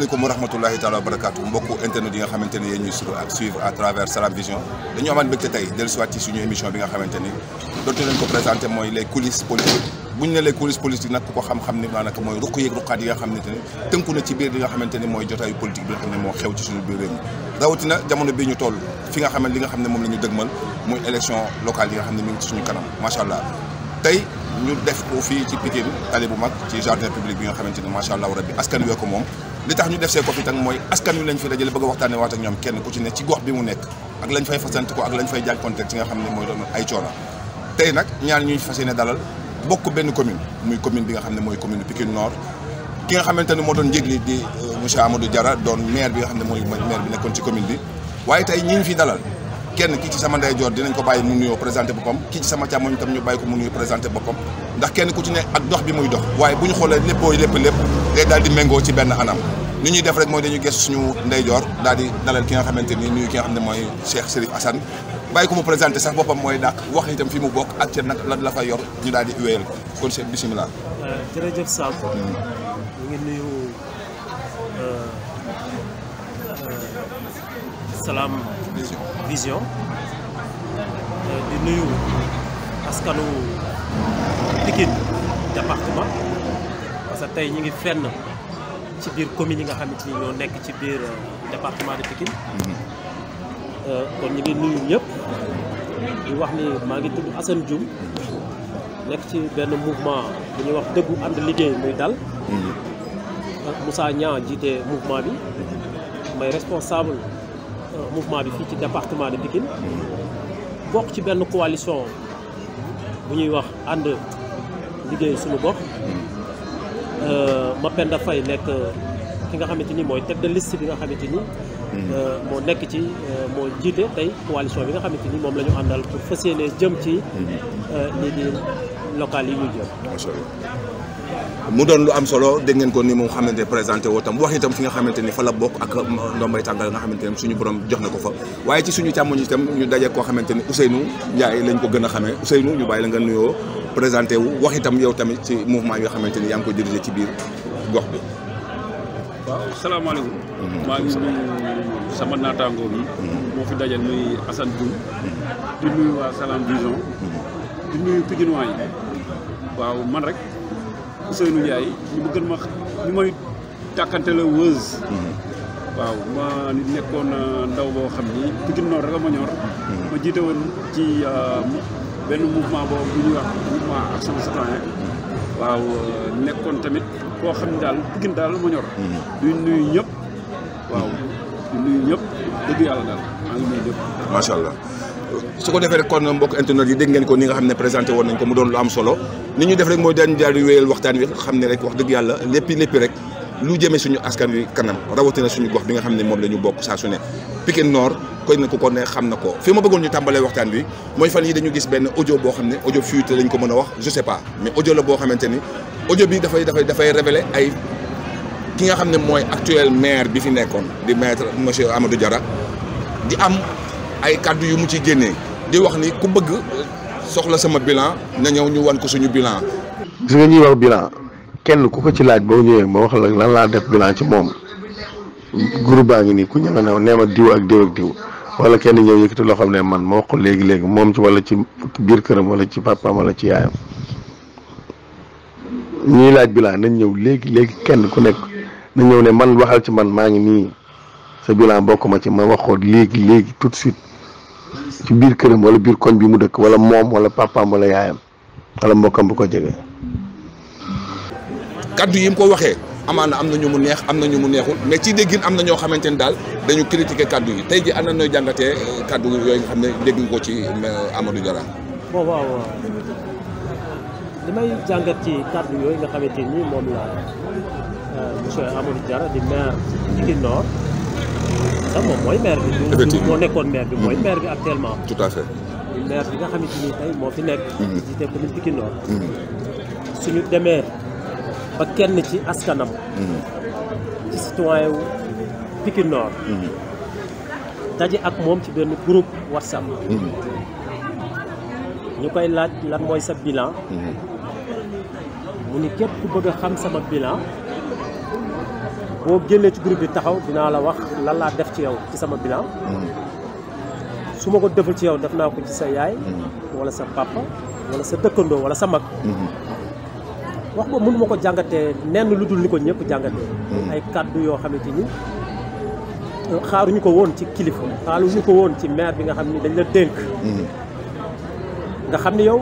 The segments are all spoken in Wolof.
asalaamaaleykum wa rahmatullahi taala wa barakaatu mbokku internet yi nga xamante ne yéen ñuy suivre à travers Salam Vision dañu amaat mbégte tey dellusiwaat ci suñu émission bi nga xamante dootu leen ko présenté mooy les coulisses politiques bu ñu ne les coulisses politiques nag ko xam-xam ni daanaka mooy ruq yeeg ruqaat yi nga xamante ne ci biir li nga xamante mooy jotaayu politique bi nga xam ne moo xew ci suñu biir réew mi rawatina jamono bi ñu toll fi nga xam ne li la ñu dëgmal muy élection locale yi nga xamante ni macha allah rabbi askan wee ko moom li tax ñu def see COPITAG mooy askan wi lañ fi dajale bëgg a waxtaanee waat ak ñoom kenn ku ci ne ci gox bi mu nekk ak lañ fay fasante ko ak lañ fay jànkonte ci nga xam ne mooy doon ay coona tey nag ñaar ñuy fas yéene dalal bokk benn commune muy commune bi nga xam ne mooy commune Pikine Nord ki nga xamante ne moo doon njëgli di euh, monsieur Amadou Diarra doon maire bi nga xam ne mooy maire bi nekkoon ci commune bi waaye tey ñi fi dalal kenn kii ci sama ndeyjoor dinañ ko bàyyi mu nuyoo présenté boppam kii ci sama càmmoñ tam ñu bàyyi ko mu nuyoo présenté boppam ndax kenn ku ci ne ak dox bi muy dox waaye bu ñu xoolee léppoo lépp lépp day daal di méngoo ci benn anam ni ñuy def rek mooy dañuy gëstu suñu ndeyjoor daal di dalal ki nga xamante nii nuyu ki nga xam ne mooy Cheikh Chérif Assane bàyyi ko mu présenté sax boppam mooy dàq wax itam fi mu bokk ak ca nag lan la fa yor ñu daal di wéyal ko kon Cheikh bisimilah. Euh, jërëjëf Sakho. Hmm. ñu ngi nuyu euh, euh, salaam. vision euh, di nuyu askanu Pikine département parce que tey ñi ngi fenn ci biir commune yi nga xamante ni ñoo nekk ci biir euh, département de Pikine euh, kon ñu ngi nuyu ñëpp di wax ni maa ngi tudd Assane Dioum nekk ci benn mouvement bu ñuy wax dëggu ànd liggéey muy dal mhm. Moussa Niang jiite mouvement bi mhm. may responsable mouvement bi fii ci département de Pikine bokk ci benn coalition bu ñuy wax ànd liggéey suñu gox euh, Mapenda Faye nekk euh, ki nga xamante ni mooy tête de bi nga xamante ni hmm. euh, moo nekk ci moo jiite tey coalition bi nga xamante ni moom lañu àndal pour fas yéene jëm ci hmm. lii di local yi ñu jëm mu doon lu am solo dégg ngeen ko ni moom xamante présenté woo tam wax itam fi nga xamante ni fa la bokk ak ndombay tàngal nga xamante ne suñu borom jox na ko fa waaye ci suñu càmmoñ itam ñu daje koo xamante ni Ousseynou Ndiaye lañ ko gën a xamee Ousseynou ñu bàyyi la nga nuyoo présenté wu wax itam yow tamit ci mouvement yoo xamante ni yaa ngi ko dirigé ci biir gox bi waaw salaamaaleykum mhm. maa ngi nuyu sama naataangoo bi mhm. moo fi daje muy Assane Diouf mhm. di nuyu waa Salam Vision di nuyu Pikinois yi waaw man rek Ousseynou Ndiaye ñu gën ma ñu may tàkkante la Weuz. waaw ma nekkoon euh, ndaw boo xam ni Pikine Nord rek ma ñor. ma jiite woon ci euh, benn mouvement boobu bu ñuy wax mouvement action citoyen waaw euh, nekkoon tamit boo xam ne daal Pikine daal ma ñor. Mm-hmm. du nuyu ñëpp. waaw du nuyu ñëpp dëgg yàlla daal maa ngi nuyu ñëpp. macha allah. su ko defee rek kon mbokk internet yi dégg ngeen ko ni nga xam ne présenté woon nañ ko mu doon lu am solo ni ñu def rek mooy daan daal di wéyal waxtaan wi xam ne rek wax dëgg yàlla léppi léppi rek lu jëmee suñu askan wi kanam rawatina suñu gox bi nga xam ne moom la ñu bokk saa su ne Pikine Nord koy ko ne na ko fi ma bëggoon ñu tàmbalee waxtaan bi mooy fan yi dañu gis benn audio boo xam ne audio fuité lañ ko mën a wax je sais pas boo xamante ni audio bi dafay dafay dafay révélé ay ki nga xam ne mooy actuel maire bi fi nekkoon di maitre monsieur Amadou Diarra di am ay kàddu yu mu ci génne di wax ni ku bëgg soxla sama bilan na ñëw ñu wan ko suñu bilan. gis nga ñuy wax bilan kenn ku ko ci laaj boo ñëwee ma wax la lan laa def bilan ci moom groupe baa ngi nii ku ñëw ne nee ma diw ak diw ak wala kenn ñëw yëkkati loo ne man ma léegi léegi moom ci wala ci biir këram wala ci papaam wala ci yaayam. ñuy laaj bilan nañ ñëw léegi léegi kenn ku nekk na ñëw ne man waxal ci man maa ngi nii sa bilan bokk ma ci ma waxoon léegi léegi tout suite. ci biir këram wala biir koñ bi mu dëkk wala moom wala papaam wala yaayam wala mbokkam bu ko jege. kaddu yi mu ko waxee amaana am na ñu mu neex am na ñu mu neexul mais ci déggin am na ñoo xamante ne daal dañu critiquer kàddu yi tey ji am na ñooy jàngatee euh, kaddu yooyu nga xam ne dégg nga ko ci euh, Amadou Diarra. bon waaw ci kaddu sax moom mooy maire bi. effectivement moo nekkoon meer bi mooy mm-hmm. maire bi actuellement. tout à bi nga xamante ni tey moo fi nekk. Mm-hmm. jiite commune Pikine Nord. Mm-hmm. suñu demee ba kenn ci askanam. ci citoyen wu daje ak moom ci benn groupe WhatsApp. ñu koy laaj lan mooy sa bilan. mu ni képp ku bëgg a xam sama bilan. boo génnee ci groupe bi taxaw dinaa la wax lan laa def ci yow ci sama bilan hmm. su ma ko deful ci yow def naa ko ci sa yaay hmm. wala sa papa wala sa dëkkandoo wala sa mag hmm. wax ba mënu ma ko jàngatee nenn lu dul ni ko ñëpp jàngatee ay kàddu yoo xamante ni xaaruñu ko woon ci kilifa xaaruñu ko woon ci maire bi nga xam ni dañ la dénk nga xam ni yow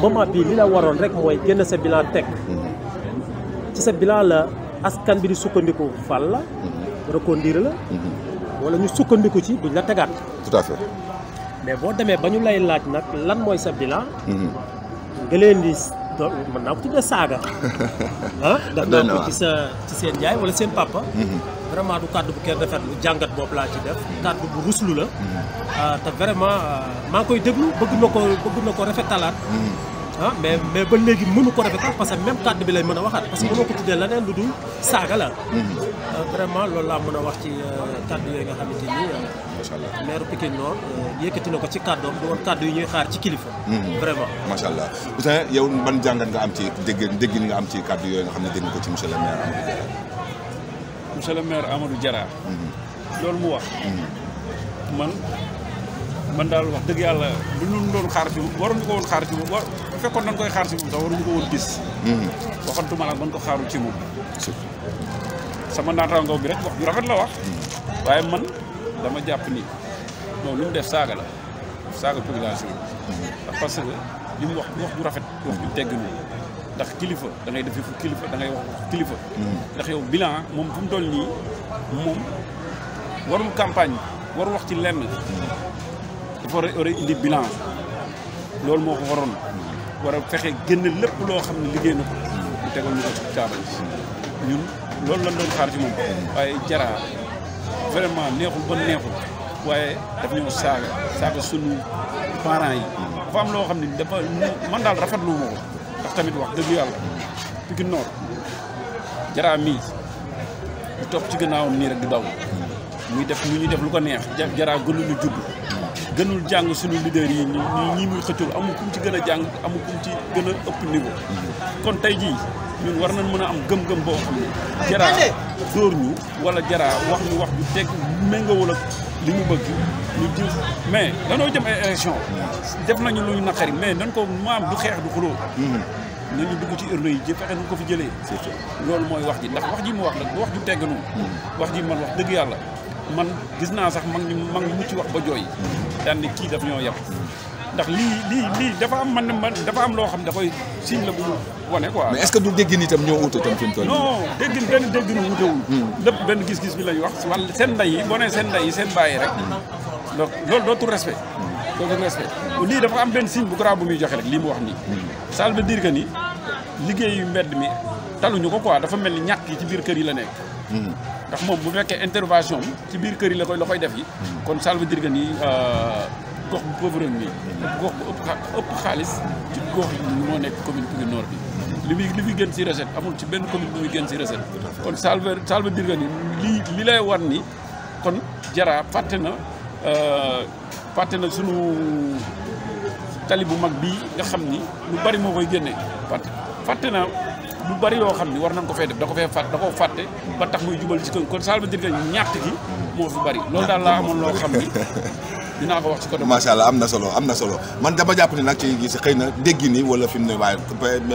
moment bii li la waroon rek mooy génn sa bilan teg ci sa bilan la askan bi di sukkandiku fal la reconduire la wala ñu sukkandiku ci duñ la tegaat tout à fait mais boo demee ba ñu lay laaj nag lan mooy sa bilan mhm. nga leen di mën naa ko tuddee saaga ah naa ko ci sa ci seen yaay wala seen papa mhm. vraiment du kàddu bu kenn rafet lu jàngat boobu laa ci def mhm. kàddu bu ruslu la ah, te vraiment ah, maa koy déglu bëgg na ko bëgg na ko rafetalaat ah mais mais ba léegi mënu ko rafetal parce que même kàddu bi lay mën a waxaat parce que mënoo ko tuddee leneen lu dul saaga la. Mm-hmm. Euh, vraiment loolu laa mën a wax ci euh, kàddu yooyu nga xamante ni. Euh, macha allah maire Pikine Nord yëkkati ko ci kàddoom du woon yi ñuy xaar ci kilifa. Mm-hmm. vraiment macha allah. yow ban jàngat nga am ci dégg déggin nga am ci kàddu yooyu xam ne dégg ko ci monsieur le maire Amadou le maire Amadou Diarra. Mm-hmm. loolu mu wax. man man daal wax dëgg yàlla lu ñu doon xaar ci waroon ñu ko woon xaar ci war. fekkoon dañ koy xaar si moom sax waruñu ko woon gis. Mhm. waxantuma la ban ko xaarul ci moom. sama naataangoo bi rek wax ju rafet la wax. Mhm. waaye man dama jàpp ni moom lu mu def saaga la saaga population bi. Mhm. parce que li mu wax wax bu rafet. wax ju tegg nii ndax kilifa da ngay def fu kilifa dangay ngay wax kilifa. ndax yow bilan moom fu mu toll nii moom warul campagne warul wax ci lenn. dafa war a indi bilan loolu moo ko waroon. war a fexe génn lépp loo xam ne liggéey na ko mu tegal ñu ko ci caaba ñun loolu lañ doon xaar ci moom waaye jaraa vraiment neexul ba neexul waaye daf ñoo saaga saaga sunu parents yi dafa am loo xam ne dafa man daal rafetlu ma ko ndax tamit wax dëgg yàlla Pikine Nord jaraa mii di topp ci gannaawam nii rek di daw muy def lu ñuy def lu ko neex jaraa gënuñu judd gënul jàng suñu leader yi ñi ñi muy xëccoo amul kum ci gën a jàng amul kum ci gën a ëpp niveau kon tey jii ñun war nañ mën a am gëm-gëm boo xam ne jaraa dóor ñu wala jaraa wax ñu wax ju teg méngawul ak li mu bëgg ñu ji mais danoo jëm ay élection def nañu lu ñu naqari mais nan ko maam du xeex du xuloo nañu dugg ci urne yi ji fexe nu ko fi jëlee loolu mooy wax ji ndax wax ji mu wax la wax ju tegg noonu mm. wax ji man wax dëgg yàlla man gis naa sax mag ñu mag ñu mucc wax ba jooy daan ne kii daf ñoo yab ndax lii lii lii dafa am man man dafa am loo xam dafay signe la bu wane quoi. mais est-ce que du déggin itam ñoo wute itam fi mu toll non déggin benn déggin hmm. lépp benn gis-gis bi lañu wax wala seen ndey yi boo nee seen ndey yi rek. Hmm. donc loolu dootul respect. Hmm. dootul respect lii dafa am benn signe bu grave joxe rek lii mu wax nii. ça veut dire que ni liggéeyu mbedd mi taluñu ko quoi dafa mel ni ñàkk yi ci biir kër yi la nekk. ndax moom bu fekkee intervention bi ci biir kër yi la koy la koy def yi kon ça veut dire ni euh, gox bu pauvre nii gox bu ëpp xaalis ci gox yi moo nekk commune Pikine Nord bi li muy li génn si recette amul ci benn commune bu muy gën si recette kon ça veut ça veut dire que ni lii li lay war ni kon Jara fàtte na euh, fàtte na sunu tali bu mag bi nga xam ni lu bari moo koy génne fàtte na lu bari yoo xam ni war nañ ko fee def da ko fee fàtt da ko fàtte ba tax muy jubal si kon kon ça veut dire que ñàkk gi moo fi bari loolu daal laa amoon loo xam ni naa ko wax ci côté. macha allah am na solo am na solo man dama jàpp ne nag ci gis xëy na dégg ni wala fi mu ne waaye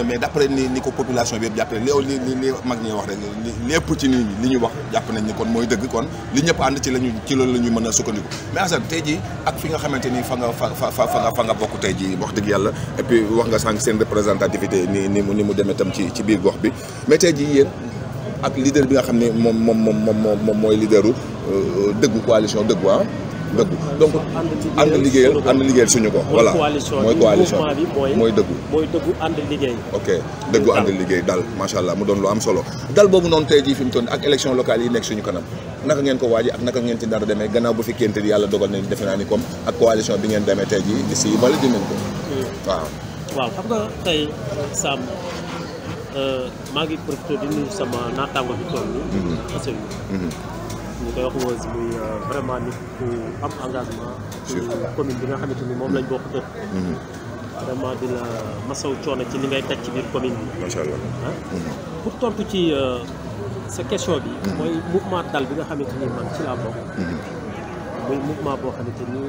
mais d' après ni ni ko population bi yëpp jàppee li li li mag ñi wax rek lépp ci nit li ñu wax jàpp nañ ni kon mooy dëgg kon li ñëpp ànd ci lañu ci loolu la ñu mën a sukkandiku mais Assane tey jii ak fi nga xamante ni fa nga fa fa fa fa nga bokk tey jii wax dëgg yàlla et puis wax nga sànq seen représentativité ni ni mu ni mu demee tam ci ci biir gox bi mais tey jii ak leader bi nga xam ne moom moom moom moom mooy leaderu euh, dëggu coalition dëggu ah dëggu donc ànd liggéeyal ànd liggéeyal suñu ko voilà mooy coalition mooy dëggu mooy dëggu ànd liggéey ok dëggu ànd liggéey daal macha allah mu doon lu am solo dal boobu noonu tey jii fi mu toll ak élection locale yi nekk suñu kanam naka ngeen ko waajee ak naka ngeen ci dara demee gannaaw bu fekkente ni yàlla dogal nañ defe naa ni comme ak coalition bi ngeen demee tey jii di si bali dinañ ko hmm. waaw waaw xam nga tey Sam euh, maa ngi di nuyu sama naataango bi toll nii mhm. ñu koy wax Weuss muy vraiment nit ku am engagement. ci commune bi nga xamante ni moom lañ bokk dëkk. Mm-hmm. vraiment di la masaw coono ci li ngay daj ci biir commune bi. macha allah ah. mm-hmm. pour tontu ci euh, sa question bi. Mm-hmm. mooy mouvement dal bi nga xamante ni man ci laa bokk. muy mouvement boo xamante ni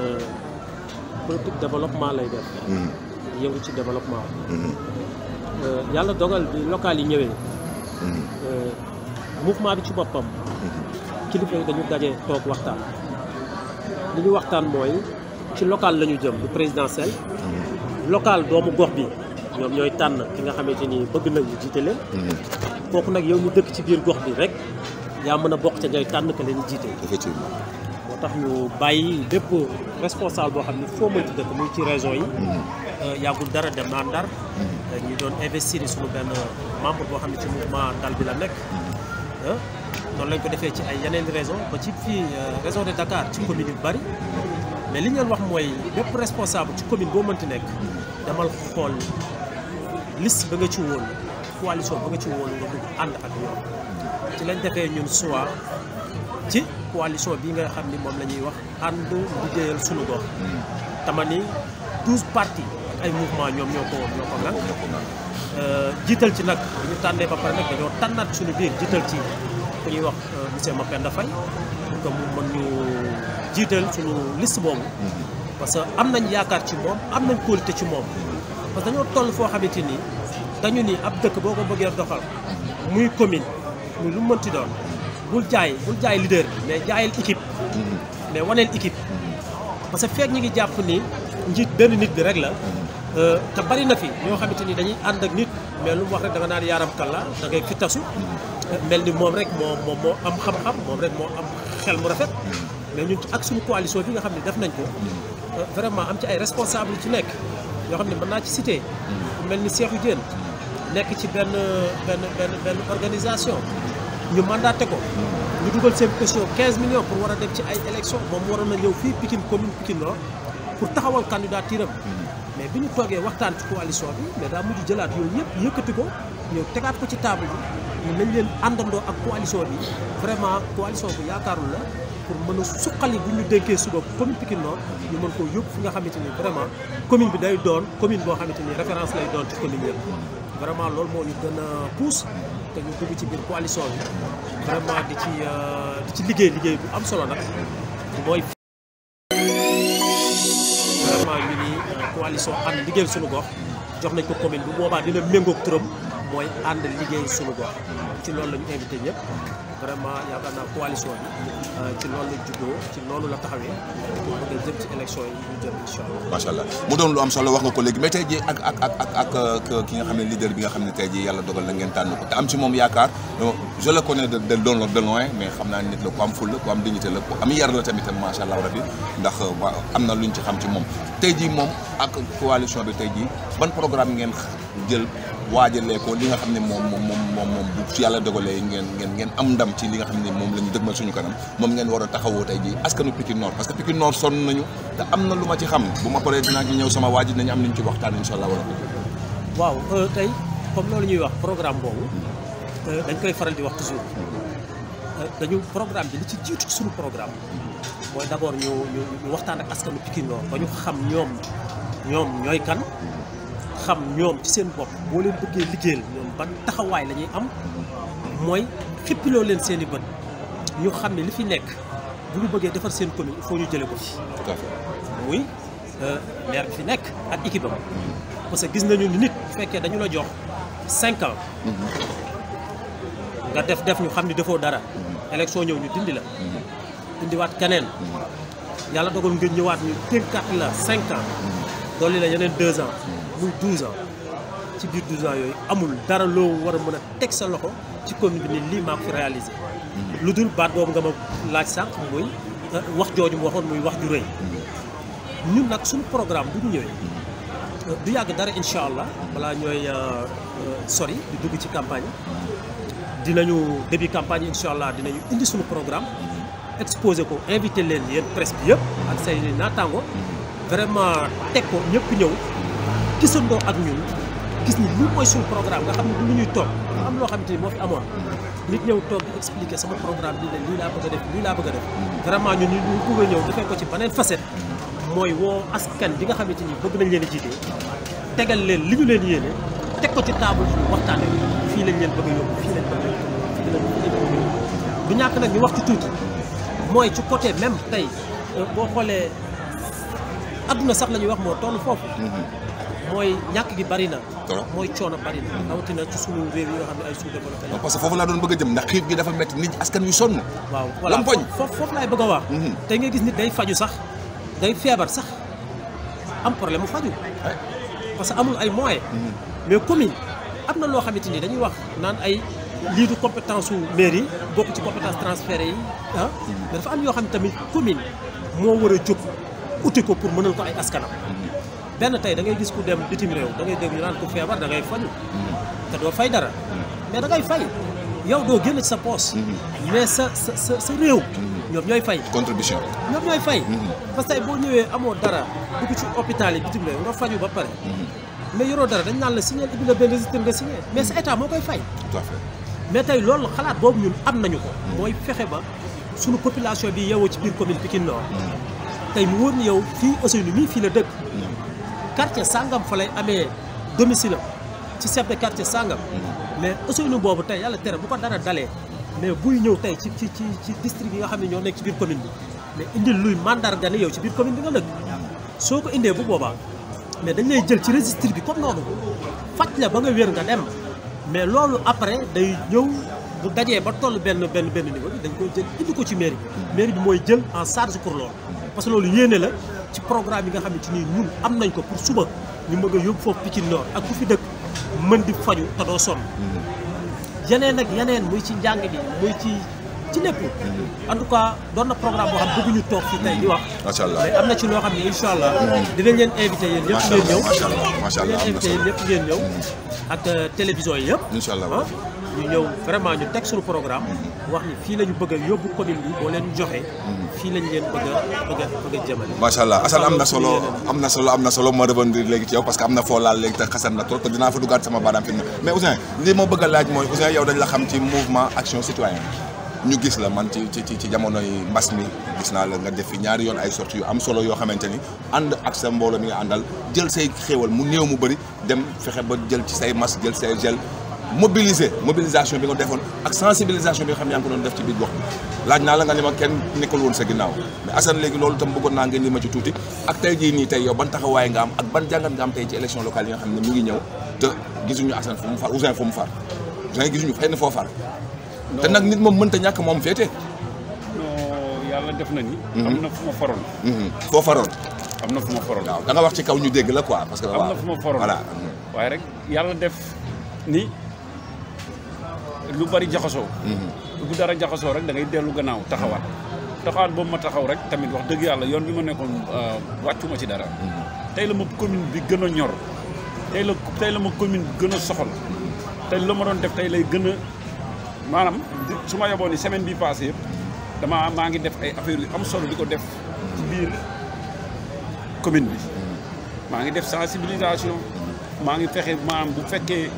euh, politique développement lay def. yëngu ci développement. Euh, yàlla dogal bi local yi ñëwee. mouvement bi ci boppam. kilifa yi dañu daje toog waxtaan li ñu waxtaan mooy ci local la ñu jëm du présidentiel local doomu gox bi ñoom ñooy tànn ki nga xamante ni bëgg nañu jiite leen kooku nag yow ñu dëkk ci biir gox bi rek yaa mën a bokk ca ngay tànn ka leen jiite effectivement moo tax ñu bàyyi bépp responsable boo xam ne foo mënti dëkk muy ci région yi mm-hmm. euh, yàggul dara dem naa Ndar mm-hmm. euh, ñu doon investir yi suñu benn membre boo xam ne ci mouvement dal bi la nekk mm-hmm. euh, noonu lañ ko defee ci ay yeneen euh, raison ba ci fii région de Dakar ci commune bu bari mais li ñu leen wax mooy bépp responsable ci commune boo mënti nekk demal xool list ba nga ci wóolu coalition ba nga ci wóolu nga dugg ànd ak ñoom ci lañ defee ñun soit ci coalition bi nga xam ni moom la ñuy wax ànd liggéeyal sunu gox tama ni douze partis ay mouvement ñoom ñoo ko ñoo ko nag euh, jiital ci nag ñu tànnee ba pare nag dañoo tànnaat suñu biir jiital ci ku ñuy wax euh, monsieur Mapenda Faye pour que mu mën ñu jiital suñu liste boobu. Mm-hmm. parce que am nañ yaakaar ci moom am nañ kóolute ci moom. Mm-hmm. parce que dañoo toll foo xamante ni dañu ni ab dëkk boo ko bëggee doxal muy commune muy lu mënti doon bul jaay bul jaay leader mais jaayal équipe. Mm-hmm. mais waneel équipe. parce que feeg ñi ngi jàpp ni njiit benn nit bi rek la. Euh, te bari na fi ñoo xamante ni dañuy ànd ak nit mais lu mu wax rek da nga naan yaaram kàlla da ngay fi tasu mel ni moom rek moo moom moo am xam-xam moom rek moo am xel mu rafet mm. mais ñun ak suñu coalition bi nga xam ne def nañ ko mm. euh, vraiment am ci ay responsable ci nekk yoo xam ne mën naa ci cité mm. mel ni Cheikhou Diène nekk ci benn benn benn organisation ñu mandaté ko ñu dugal seen caution 15 millions pour war a dem ci ay élection moom waroon na ñëw fii Pikine commune Pikine Nord pour taxawal candidature am mais bi ñu toogee waxtaan ci coalition bi mais daa mujj jëlaat yooyu yëpp yëkkati ko ñëw tegaat ko ci table bi nañ leen àndandoo ak coalition bi vraiment coalition bu yaakaarul la pour mën a suqali bu ñu dénkee suba commune Pikine Nord ñu mën koo yóbbu fi nga xamante ni vraiment commune bi day doon commune boo xamante ni référence lay doon ci commune yëpp vraiment loolu moo ñu gën a te ñu dugg ci biir coalition bi vraiment di ci euh, di ci liggéey liggéey bu am solo nag mooy vraiment ñu ni euh, coalition ànd liggéey suñu gox jox nañ ko commune bu boobaa dina méngoog turam mooy ànd liggéey suñu gox ci loolu la ñu invité ñëpp vraiment yaakaar naa coalition bi euh, ci loolu la juddoo ci loolu la taxawee pour mu doon lu am solo wax nga ko léegi mais tey jii ak ak ak ak euh, ki nga xam ne leader bi nga xam ne tey jii yàlla dogal na ngeen tànn ko te am ci moom yaakaar je le connais de de loin de mais xam naa nit la ku am ful la ku am dignité la ku am yar la tamit macha allah rabi ndax euh, am na luñ ci xam ci moom tey jii moom ak coalition bi tey jii ban programme ngeen jël. waajalee ko li nga xam ne moom moom moom moom bu su yàlla dogalee ngeen ngeen ngeen am ndam ci li nga xam ne moom la ñu dëgmal suñu kanam moom ngeen war a taxawoo tey jii askanu Pikine Nord parce que Pikine Nord sonn nañu te am na lu ma ci xam bu ma waa ji am nañu ci waxtaan incha allah waaw euh, tey comme loolu ñuy wax programme boobu euh, dañ koy faral di wax toujours euh, dañu programme bi li ci jiitu suñu programme mooy d'abord ñu waxtaan ak askanu Pikine Nord ba ñu xam ñoom ñoom ñooy kan. xam ñoom ci seen bopp boo leen bëggee liggéeyal ñoom ban taxawaay la ñuy am mooy xippiloo leen seeni i bët ñu xam ne li fi nekk bu ñu bëggee defar seen commune il faut ñu jëlee ko fi. muy euh, maire bi fi nekk ak équipe am parce que gis nañu nit bu fekkee dañu la jox cinq ans. nga def def ñu xam ni defoo dara. élection ñëw ñu dindi la. dindiwaat keneen. yàlla dogal nga ñëwaat ñu tënkaat la cinq ans. dolli la yeneen deux ans. muy 12 ans ci biir 12 yooyu amul dara loo war a mën a teg sa loxo ci commune bi lii maa ko hmm. lu dul baat boobu nga ma laaj sànq muy euh, wax jooju waxoon muy wax ju hmm. ñun nag suñu programme bu ñu ñëwee hmm. euh, du yàgg dara incha allah balaa ñooy euh, sori di dugg ci campagne dinañu début campagne incha allah dinañu indi suñu programme exposé ko invité leen yéen presque bi yëpp ak say naataango vraiment teg ko ñëpp ñëw. gisandoo ak ñun gis ni lu mooy suñu programme nga xam ne lu ñuy toog nga am loo xamante ni moo fi amoon nit ñëw toog di expliquer sama programme bi ne lii laa bëgg a def lii laa bëgg a def vraiment ñun ñu bëgg a ñëw defee ko ci beneen facette mooy woo askan bi nga xamante ni bëgg nañ leen a jiite tegal leen li ñu leen yéene teg ko ci table ñu waxtaane fii lañ leen bëgg a yóbbu fii lañ bëgg du ñàkk nag ñu wax ci tuuti mooy ci côté même tey euh, boo xoolee adduna sax la ñuy wax moo toll foofu mooy ñàkk gi bari na. mooy coono bari na. rawatina ci suñu réew yi nga xam ne ay sous-développé la. parce que foofu laa doon bëgg a jëm ndax xiif gi dafa métti nit askan wi sonn. waaw voilà lampoñ foofu foofu a wax. Mhm. tey nga gis nit day faju sax day feebar sax am problème mu faju parce que amul ay moyens. Mhm. mais commune am na loo xamante ni dañuy wax naan ay. lii du compétence su maire yi bokk ci compétence transféré yi ah mhm. dafa am yoo xam ne tamit commune moo war a jóg uti ko pour mënal ko ay askanam benn tey da ngay gis ku dem bitim réew dangay ngay dégg ñu naan ku feebar da ngay faju te doo fay dara mais da ngay fay yow doo génn ci sa poos mm-hmm. mais sa sa sa réew mm-hmm. ñoom ñooy fay contribution ñoom ñooy fay mm-hmm. parce que boo ñëwee amoo dara dugg ci hôpital yi bitim réew nga faju ba pare mais yoroo dara dañ naan la signé ibi la benn registre nga signé mais sa état moo koy fay tout à mais tey loolu xalaat boobu ñun am nañu ko mooy fexe ba suñu population bi yeewoo ci biir commune Pikine Nord tey mu wóor yow fii la dëkk quartier sangam fa lay amee domicile ci chef de quartier sangam. Mm-hmm. mais Ousseynou boobu tey yàlla tere bu ko dara dalee. mais buy ñëw tey ci ci ci ci district bi nga xam ne ñoo nekk ci biir commune bi mais indil luy mandarga ni yow ci biir commune bi nga dëkk. soo ko indee bu boobaa mais dañ lay jël ci registre bi comme noonu faj la ba nga wér nga dem mais loolu après day ñëw bu dajee ba toll benn benn benn niveau bi dañ koy jël indi ko ci mairie bi. Mm-hmm. mairie bi mooy jël en charge pour loolu parce que loolu yéene la. ci programme yi nga xamante ni ñun am nañ ko pour suba ñu bëgg a yóbbu foofu Pikine Nord ak ku fi dëkk mën di faju te doo sonn mm-hmm. yeneen ak yeneen muy ci njàng bi muy ci ci lépp mm-hmm. en tout cas doon na programme boo xam bëgguñu toog fii tey di wax macha allah am na ci loo xam ne incha allah mm-hmm. dinañ leen invité yéen ñëpp ngeen ñëw macha allah dinañ leen invité yéen ñëpp ak euh, télévision yi yëpp incha allah ñu ñëw vraiment teg suñu programme wax ni fii la ñu bëgg a yóbbu commune bi boo leen joxe. fii lañ leen bëgg macha allah Assane am na solo am na solo am na solo ma rebondir léegi ci yow parce que am na foo laal léegi te xasan la trop te dinaa fa duggaat sama baaraam fi mu mais Ouzin li ma bëgg a laaj mooy Ouzin yow dañ la xam ci mouvement action citoyenne ñu gis la man ci ci ci jamonoy mbas mi gis naa la nga def fi ñaari yoon ay sorties yu am solo yoo xamante ni ànd ak sa mbooloo mi nga àndal jël say xéewal mu néew mu bëri dem fexe ba jël ci say masque jël say gel mobiliser mobilisation bi nga defoon ak sensibilisation bi xam ne ko doon def ci biir gox bi laaj naa la nga ne ma kenn nekkul woon sa ginnaaw mais Assane léegi loolu tam bëggoon naa ngeen li ma ci tuuti ak tey jii nii tey yow ban taxawaay nga am ak ban jàngat nga am tey ci élection locale yi nga xam ne mu ngi ñëw te gisuñu Assane fu mu far Ousin fu mu far Ousin foo ñàkk moom féete non yàlla def na ni mhm. am na fu ma faroon mhm. foo faroon am na fu ma faroon waaw da wax ci kaw ñu dégg la ko parce que am na fu ma faroon voilà waaye rek yàlla def ni lu bari jaxasoo bu mhm. dara jaxasoo rek da ngay dellu gannaaw taxawaat taxawaat boobu ma taxaw rek tamit wax dëgg yàlla yoon bi ma nekkoon euh, wàccu ma ci dara mhm. tey la ma commune bi gën a ñor tey la tey la ma commune gën a soxal tey la ma doon def tey lay gën a maanaam su ma yoboon ni semaine bi passée yëpp damaa maa ngi def ay affaire yu am solo di ko def ci biir commune bi mhm. maa ngi def sensibilisation maa ngi fexe maanaam bu fekkee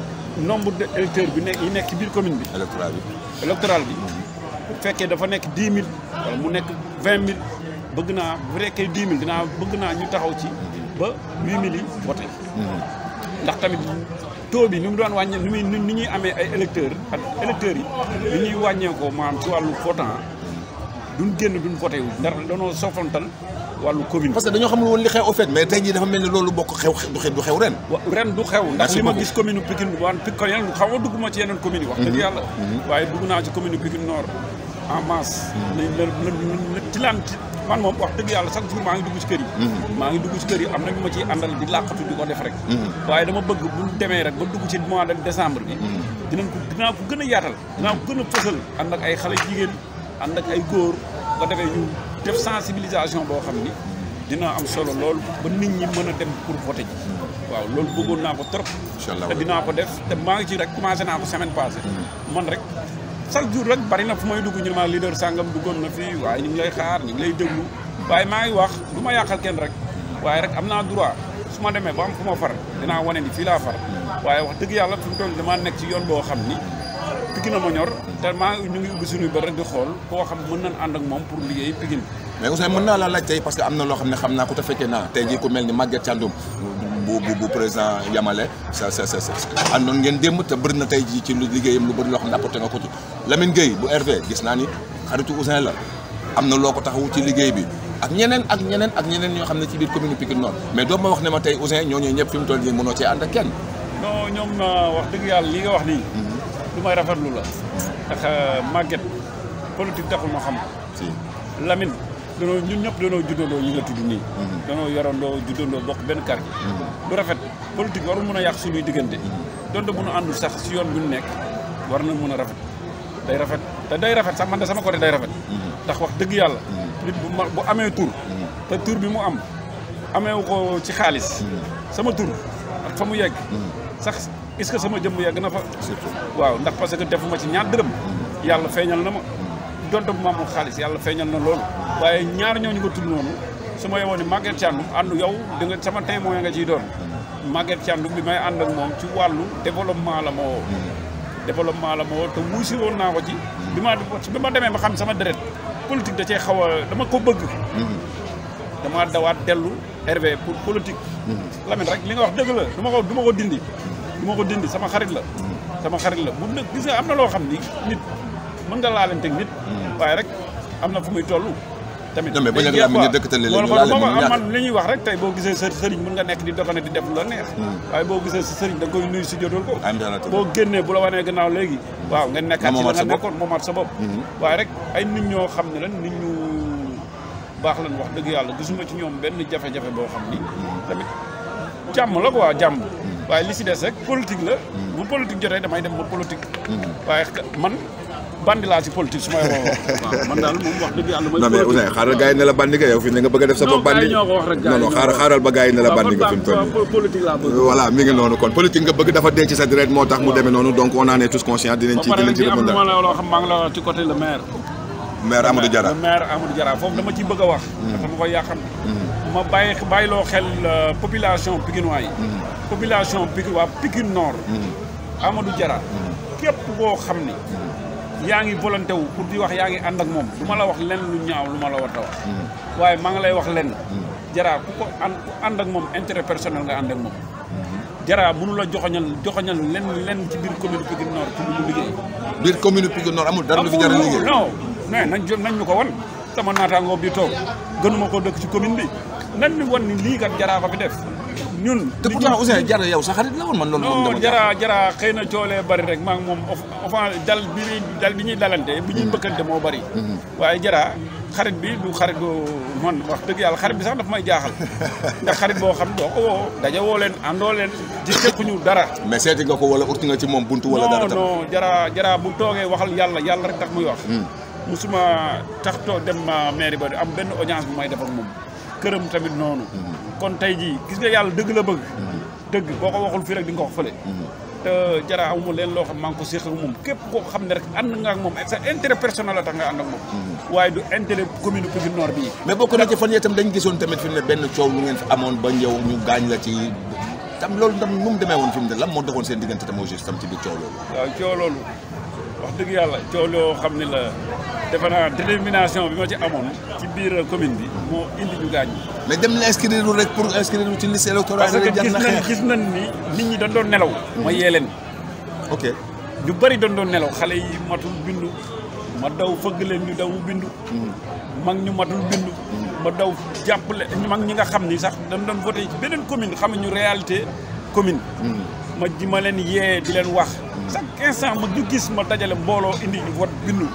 nombre de électeurs bi nekk yi nekk ci biir commune bi. électoral bi. électoral bi bu fekkee dafa nekk dix mille wala mu nekk vingt mille bëgg naa bu fekkee dix mille dinaa bëgg naa ñu taxaw ci ba huit mille yi ndax tamit taux bi ni mu doon wàññee ni muy ni ñuy amee ay électeurs ak électeurs yi ni ñuy wàññeekoo maanaam ci wàllu du duñ génn duñ voté wu dara danoo sofontal wàllu commune parce que dañoo xamul woon li xew au fait mais tey jii dafa mel ni loolu bokk xew du xew ren ren du xew ndax li ma gis commune Pikine waan Pikine yeneen mhm. Mhm. waaye dugg naa ci commune Pikine Nord en masse mhm. la man moom wax dëgg yàlla chaque jour maa ngi dugg ci kër yi maa ngi dugg ci kër yi am na ñu ma ciy àndal di làqatu di ko def rek waaye dama bëgg bu demee rek ba dugg ci mois de décembre bi dinañ ko dinaa ko a yaatal dinaa ko gën a fësal ànd ak ay xale jigéen ànd ak ay góor ba defee ñu def sensibilisation boo xam ni dina am solo lool ba nit ñi mën a dem pour voter ji waaw loolu bëggoon naa ko trop te dinaa ko def te maa ngi ci rek commencé naa ko semaine passée hmm. man rek chaque jour rek bari na fu may dugg ñu ne ma leader sàngam duggoon na fii waaye ñu ngi lay xaar ñu ngi lay déglu waaye maa ngi wax du ma yàqal kenn rek waaye rek am naa droit su ma demee ba am fu ma far dinaa wane ni fii laa far hmm. waaye wax dëgg yàlla fu mu toll damaa nekk ci yoon boo xam ni Pikine ma ñor te ñu ngi ubbi suñuy rek di xool koo xam mën nañ ànd moom pour liggéey Pikine mais Ousseyn mën naa la laaj tey parce am na loo xam ne xam na tey liggéey bi ak ñeneen ak ñeneen ñoo xam ne ci biir commune Pikine Nord mais doo ma wax ne ma tey Ousseyn ñoo ñëpp fi mu toll nii mënoo cee ànd kenn non ñoom euh, wax dëgg yàlla li nga wax nii mm-hmm. lu rafet rafetlu la ndax euh, màgget politique taxul ma xam Lamine danoo ñun ñëpp danoo juddandoo ñi nga nii mm-hmm. danoo yorandoo juddandoo bokk benn kar gi mm-hmm. lu rafet politique warul mën a yàq si suñuy diggante mm-hmm. donte bu nu àndul sax si yoon bu ñu nekk war na mun a rafet day rafet te day rafet sax man de sama côté day rafet ndax wax dëgg yàlla nit bu ma bu amee tur te tur bi mu am ameewu ko ci xaalis sama tur ak fa mu yegg sax est-ce que sama jëmm yegg na fa waaw ndax parce que defuma ci ñaar dërëm yàlla feeñal na ma donte bu ma amul xaalis yàlla feeñal na loolu waaye ñaar ñooñu nga tudd noonu su ma yewoon ni Maguette Thiandoum àndu yow di nga sama témoin nga ciy doon Maguette Thiandoum bi may ànd ak moom ci wàllu développement la moo woo la ma te wuusi woon naa ko ci bi ma bi ma demee ba xam sama deret politique da cee xaw a dama ko bëgg dama dawaat dellu RV pour politique hmm. Lamine rek li nga wax dëgg la du ma ko du ma ko dindi du ma ko dindi sama xarit la sama xarit la bu nag gis nga am na loo xam ni nit mën nga laalanteeg nit mm. waaye rek am na fu muy toll tamit non mais bañ a la mi ni dëkkatale leen laale moom ñuy wax rek tey boo gisee sa sëriñ mën nga nekk di dogane di def lu la neex mm. waaye boo gisee sa sëriñ da nga koy nuyu si jotul ko boo génnee bu la wanee gannaaw léegi mm. waaw nga nekkaat ci la nga nekkoon moomaat sa bopp mm-hmm. waaye rek ay nit ñoo xam ne lan nit ñu baax lan wax dëgg yàlla gisuma ci ñoom benn jafe-jafe boo xam ni tamit jàmm la quoi jàmm waaye li si des rek politique la. bu politique jotee damay dem ba politique. Hmm. waaye man bandi laa si politique su ma yoroo waaw wax dëgg xaaral ne la bandi nga yow fi ne a def ba gars yi ne la bandi nga fi mu toll politique nga bëgg dafa dee ci sa direct moo tax mu demee noonu donc on en est tous conscients dinañ ci dinañ ci répondre. ba pare nag loo xam maa ngi la wax ci côté le maire. maire Amadou Diarra maire foofu dama ciy bëgg a wax. ndax hmm. dama koy yàqam. Hmm. ma bàyyi bàyyiloo xel euh, population pikinois yi. Mhm. population Pikine waa Pikine Nord. Mhm. Amadou Diarra. Mhm. képp koo xam ni. yaa ngi volonté wu pour di wax yaa ngi ànd ak moom du ma la wax lenn lu ñaaw lu ma la war a wax. waaye ngi lay wax lenn. jaraa ku ko ànd ku ànd ak moom intérêt personnel nga ànd ak moom. Diarra mënu la joxoñal joxoñal lenn lenn ci biir commune Pikine Nord pour mu liggéey. biir commune Pikine Nord amul dara lu fi jar a liggéey. mais nañ nañ ñu ko wan sama naataangoo bi toog gënuma ko dëkk ci commune bi. nan ni woon ni lii kat jaraa ko fi def ñun te pourtant Ousseyn Jara yow sa xarit la woon man loolu non Jara Jara xëy na coolee bari rek maa ngi moom offan dal bi ñuy bi ñuy dalante bi ñuy mbëkkante moo bari mhm. waaye Jara xarit bi du xarit bu man wax dëgg yàlla xarit bi sax daf may jaaxal ndax xarit boo xam doo ko woo daja woo leen àndoo leen di tekkuñu dara mais seeti nga ko wala urti nga ci moom buntu wala dara non non Jara Jara bu toogee waxal yàlla yàlla rek tax muy wax hmm. musuma tax toog dem mairie ba am benn audience bu may def moom këram tamit noonu. kon tey jii gis nga yàlla dëgg la bëgg. dëgg boo ko waxul fii rek di nga ko wax fële. te jara amuma leen loo xam maa ko séq moom képp koo xam ne rek ànd nga ak moom sa intérêt personnel la tax nga ànd ak moom. waaye du intérêt commune Pikine Nord bii. mais bokk na ci fan yii tam dañ gisoon tamit fi mu ne benn coow lu ngeen fi amoon ba ñëw ñu gaañ la ci. tam loolu tam nu mu demee woon fi mu ne lan moo doxoon seen diggante tam au juste tam ci biir coow loolu. waaw coow loolu defe naa détermination bi ma ci amoon ci biir commune bi moo indi ñu gaañ mais dem na inscrire rek pour inscrire ci liste électorale parce que gis na gis nañ ni nit ñi doon doon nelaw ma yee leen ok ñu bëri doon doon nelaw xale yi matul bindu ma daw fëgg leen ñu daw bindu hmm. mag ñu matul bindu hmm. ma daw jàppale mag ñi nga xam ni sax dañ doon voté ci beneen commune ñu réalité commune hmm. ma ji ma leen yee di leen wax chaque instant ma ñu gis ma dajale mbooloo indi ñu wat bindu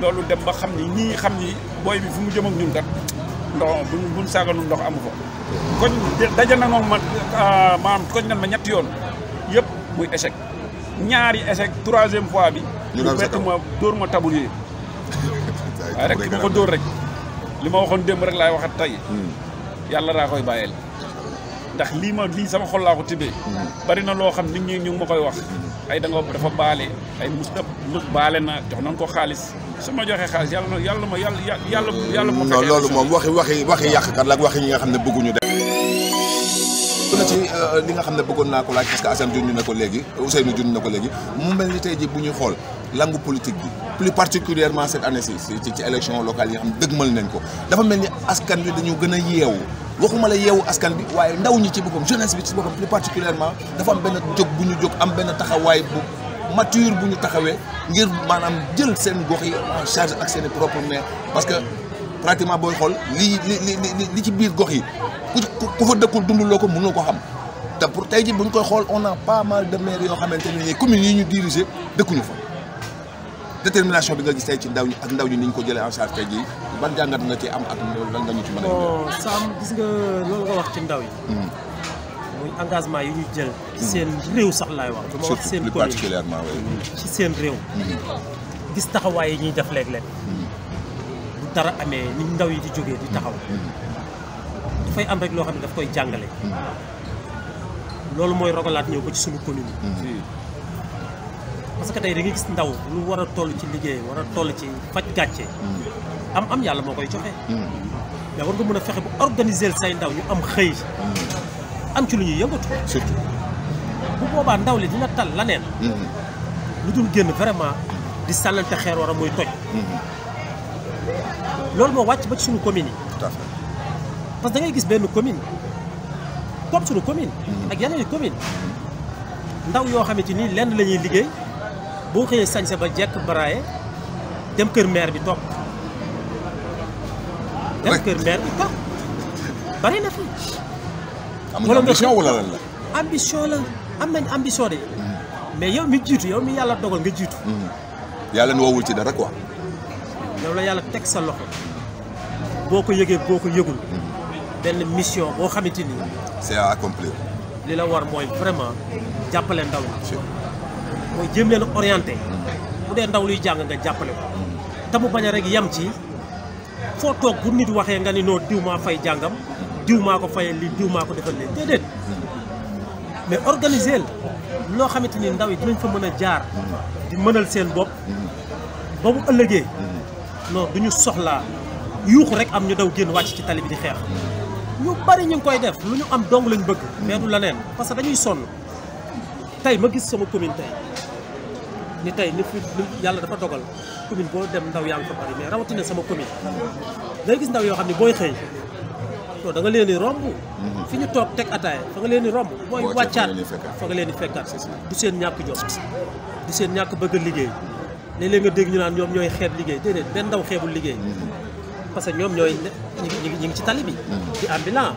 loolu dem ba xam ni ñii xam ni booy bi fu mu jëm ak ñun kat ndox buñ buñ saaganu ndox amu fa koñ daja na moom ma ah, maam koñ nan ma ñetti yoon yëpp muy échec ñaari échec troisième fois bi ñu bett ma dóor ma tabul yi waaye rek ma ko dóor rek li ma waxoon démb rek laay waxat tey hmm. yàlla daa koy bàyyeel ndax lii ma lii sama xol laa ko tibbee. Mm-hmm. bari na loo xam nit ñi ñu ngi ma koy wax. ay da nga dafa baale ay mus na mus baale na jox nañ ko xaalis su ma joxee xaalis yàlla na yàlla ma yàlla yàlla yàlla. ma non loolu moom waxi waxi waxi yàqkat la ak waxi ñi nga xam ne bëgguñu dem. na ci euh, li nga xam ne bëggoon naa ko laaj parce na ko léegi Ousseynou junj na ko léegi mu mel ni tey ji bu ñuy xool langue politique bi plus particulièrement cette année ci ci ci élection locale yi nga xam dëgmal nañ ko dafa mel ni askan wi dañu gën a yeewu waxuma la yeewu askan bi waaye ndaw ñi ci boppam jeunesse bi ci boppam plus particulièrement dafa am benn jóg bu ñu jóg am benn taxawaay bu mature bu ñu taxawee ngir maanaam jël seen gox yi en charge ak seen propre maire parce que pratiquement booy xool li li li li ci biir gox yi ku ku fa dëkkul dunduloo ko mënoo ko xam te pour tey ji bu ñu koy xool on a pas mal de maires yoo xamante ne nii commune yi ñu diriger dëkkuñu fa détermination bi nga gis tey ci ndaw ñi ak ndaw ñi ni ñu ko jëlee en charge tey ban jàngat na ci am ak lan ci mën a. bon gis nga loolu nga wax ci ndaw yi. Hmm. muy engagement yi ñu jël. ci seen hmm. réew sax laay wax. du ma wax seen hmm. ci seen réew. gis taxawaay yi ñuy def léeg amee ni ndaw yi di jógee di taxaw. am rek loo xam ne daf koy jàngale. loolu mooy rogalaat ñëw ba ci suñu commune yi. parce que tey da nga gis ndaw lu war toll ci liggéey war a toll ci faj gàcce. am-am yàlla moo koy joxe. mais hmm. war nga mën a fexe bu organiser say ndaw ñu am xëy. Hmm. am ci lu ñuy yëngatu. surtout bu boobaa ndaw li dina tal laneen. Hmm. lu dul génn vraiment di sàllante xeer war a muy toj. loolu moo wàcc ba ci suñu communes yi. parce que gis benn commune comme suñu commune. ak yeneen i commune ndaw yoo xamante ni lenn lañuy liggéey boo xëyee sañse ba jekk baraaye dem kër maire bi toog. dem kër mère bi pa bari na fi. amuñu ambition wala lan la. ambition la am nañ ambition de. Hmm. mais yow mi jiitu yow mi yàlla dogal nga jiitu. Hmm. yàlla nu woowul ci dara quoi. yow la yàlla teg sa loxo boo ko yëgee boo ko yëgul. Hmm. benn mission boo xamante ni. c'est à accomplir. li la war mooy vraiment jàppale ndaw ñi. mooy jéem leen orienté. bu dee ndaw luy jàng nga jàppale ko. te bañ a rek yem ci. foo toog bu nit waxee nga ni noo diw maa fay jàngam diw maa ko fayal lii diw maa ko defal leen déedéet mais organiser loo xamante ni ndaw yi dinañ fa mën a jaar di mënal seen bopp ba mu ëllëgee non duñu ñu soxlaa yuuxu rek am ñu daw génn wàcc ci tali bi di xeex ñu bari ñu ngi koy def lu ñu am dong lañ bëgg mais du leneen parce que dañuy sonn tey ma gis sama commune ni tey ni fi yàlla dafa dogal commune boo dem ndaw yaa ngi fa bari mais rawatina sama commune day gis ndaw yoo xam ne booy xëy to da nga leen di romb mhm. fi ñu toog teg ataaya fa nga leen di romb booy wàccaat fa nga leen di fekkaat du seen ñàkk jot du seen ñàkk bëgg a liggéey léeg-léeg nga dégg ñu naan yoom ñooy xeeb liggéey déedéet benn ndaw xeebul liggéey mhm. parce que ñoom ñooy ñi ngi ci tali bi mhm. di ambulant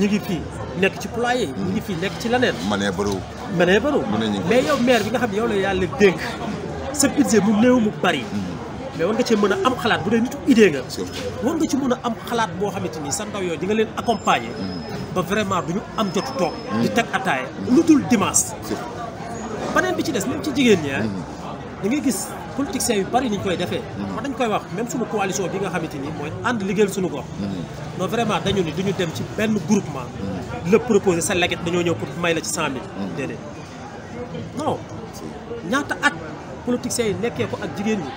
ñu ngi fii nekk ci ployer ñu ngi fii nekk ci leneen. mënee bëriwul. mënee bëriwul mais yow maire bi nga xam ne yow la yàlla dénk sa budget mu néew mu bari. Mm-hmm. mais war nga cee mën a am xalaat bu dee nitu idée nga. war nga ci mën a am xalaat boo xamante ni sa ndaw yooyu di nga leen accompagner. Mm-hmm. ba vraiment du ñu am jotu toog. Mm-hmm. di teg ataaya lu dul dimanche. beneen bi ci des même ci jigéen ñi ah, da ngay gis. politiciens yu bari ni ñu koy defee. man mm-hmm. dañ koy wax même suñu coalition bi nga xamante ni mooy ànd liggéeyal sunu gox. Mm-hmm. non vraiment dañu ni duñu dem ci benn groupement. Mm-hmm. la proposer sa leget dañoo ñëw pour may la ci cent mille. déedéet non ñaata at politiciens yi nekkee ko ak jigéen ñi.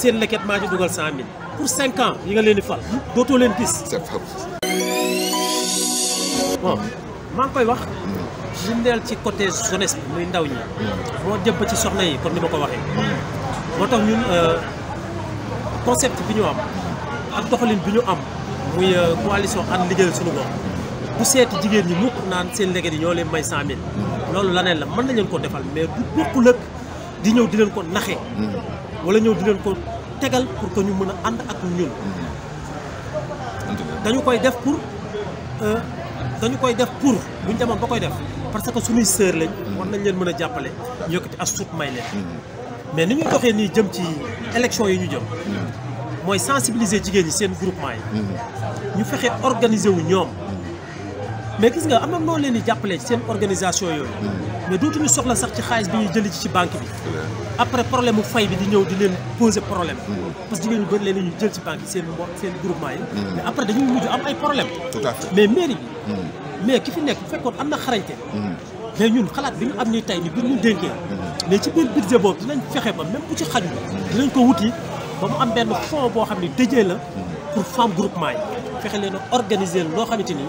seen leget maa ci dugal cent mille. pour cinq ans yi nga leen di fal dootoo leen gis. c'est bon maa ngi koy wax. li neel ci côté jeunesse bi muy ndaw ñi. boo jëm ba ci soxna yi kon ni ma ko waxee. moo tax ñun euh, concept bi ñu am ak doxalin bi ñu am muy euh, coalition ànd liggéeyal suñu gox bu seeti jigéen ñi mukk naan seen léget yi ñoo leen may 100000. loolu laneen la man na leen ko defal mais bu bokkul lëkk di ñëw di leen ko naxee. wala ñëw di leen ko tegal pour que ñu mën a ànd ak ñun. dañu koy def pour euh, dañu koy def pour buñ demoon ba koy def parce que suñuy sœur lañ. war nañ leen mën a jàppale ñu yëkkati as suut may leen. mais ni ñu doxee nii jëm ci élection yi ñu jëm mooy sensibiliser jigéen ñi seen groupement yi ñu fexe organiser wu ñoom mais gis nga am na noonu leen di jàppale seen organisation yooyu mais dootuñu soxla sax ci xaalis bi ñuy jëli ci ci banque bi après problème mu fay bi di ñëw di leen poser problème parce que jigéen ñu leen ñu jël ci banque yi seen seen groupement yi mais après dañuy mujj am ay problème mais mairie mm. mais ki fi nekk fekkoon am na xa mais ñun xalaat bi ñu am ni tey ni bi ñu dénkee mais ci biir budget boobu dinañ fexe ba même bu ci xaju dinañ ko wuti ba mu am benn fonds boo xam ne dëjee la pour femme groupement yi fexe leen a organiser loo xamante ni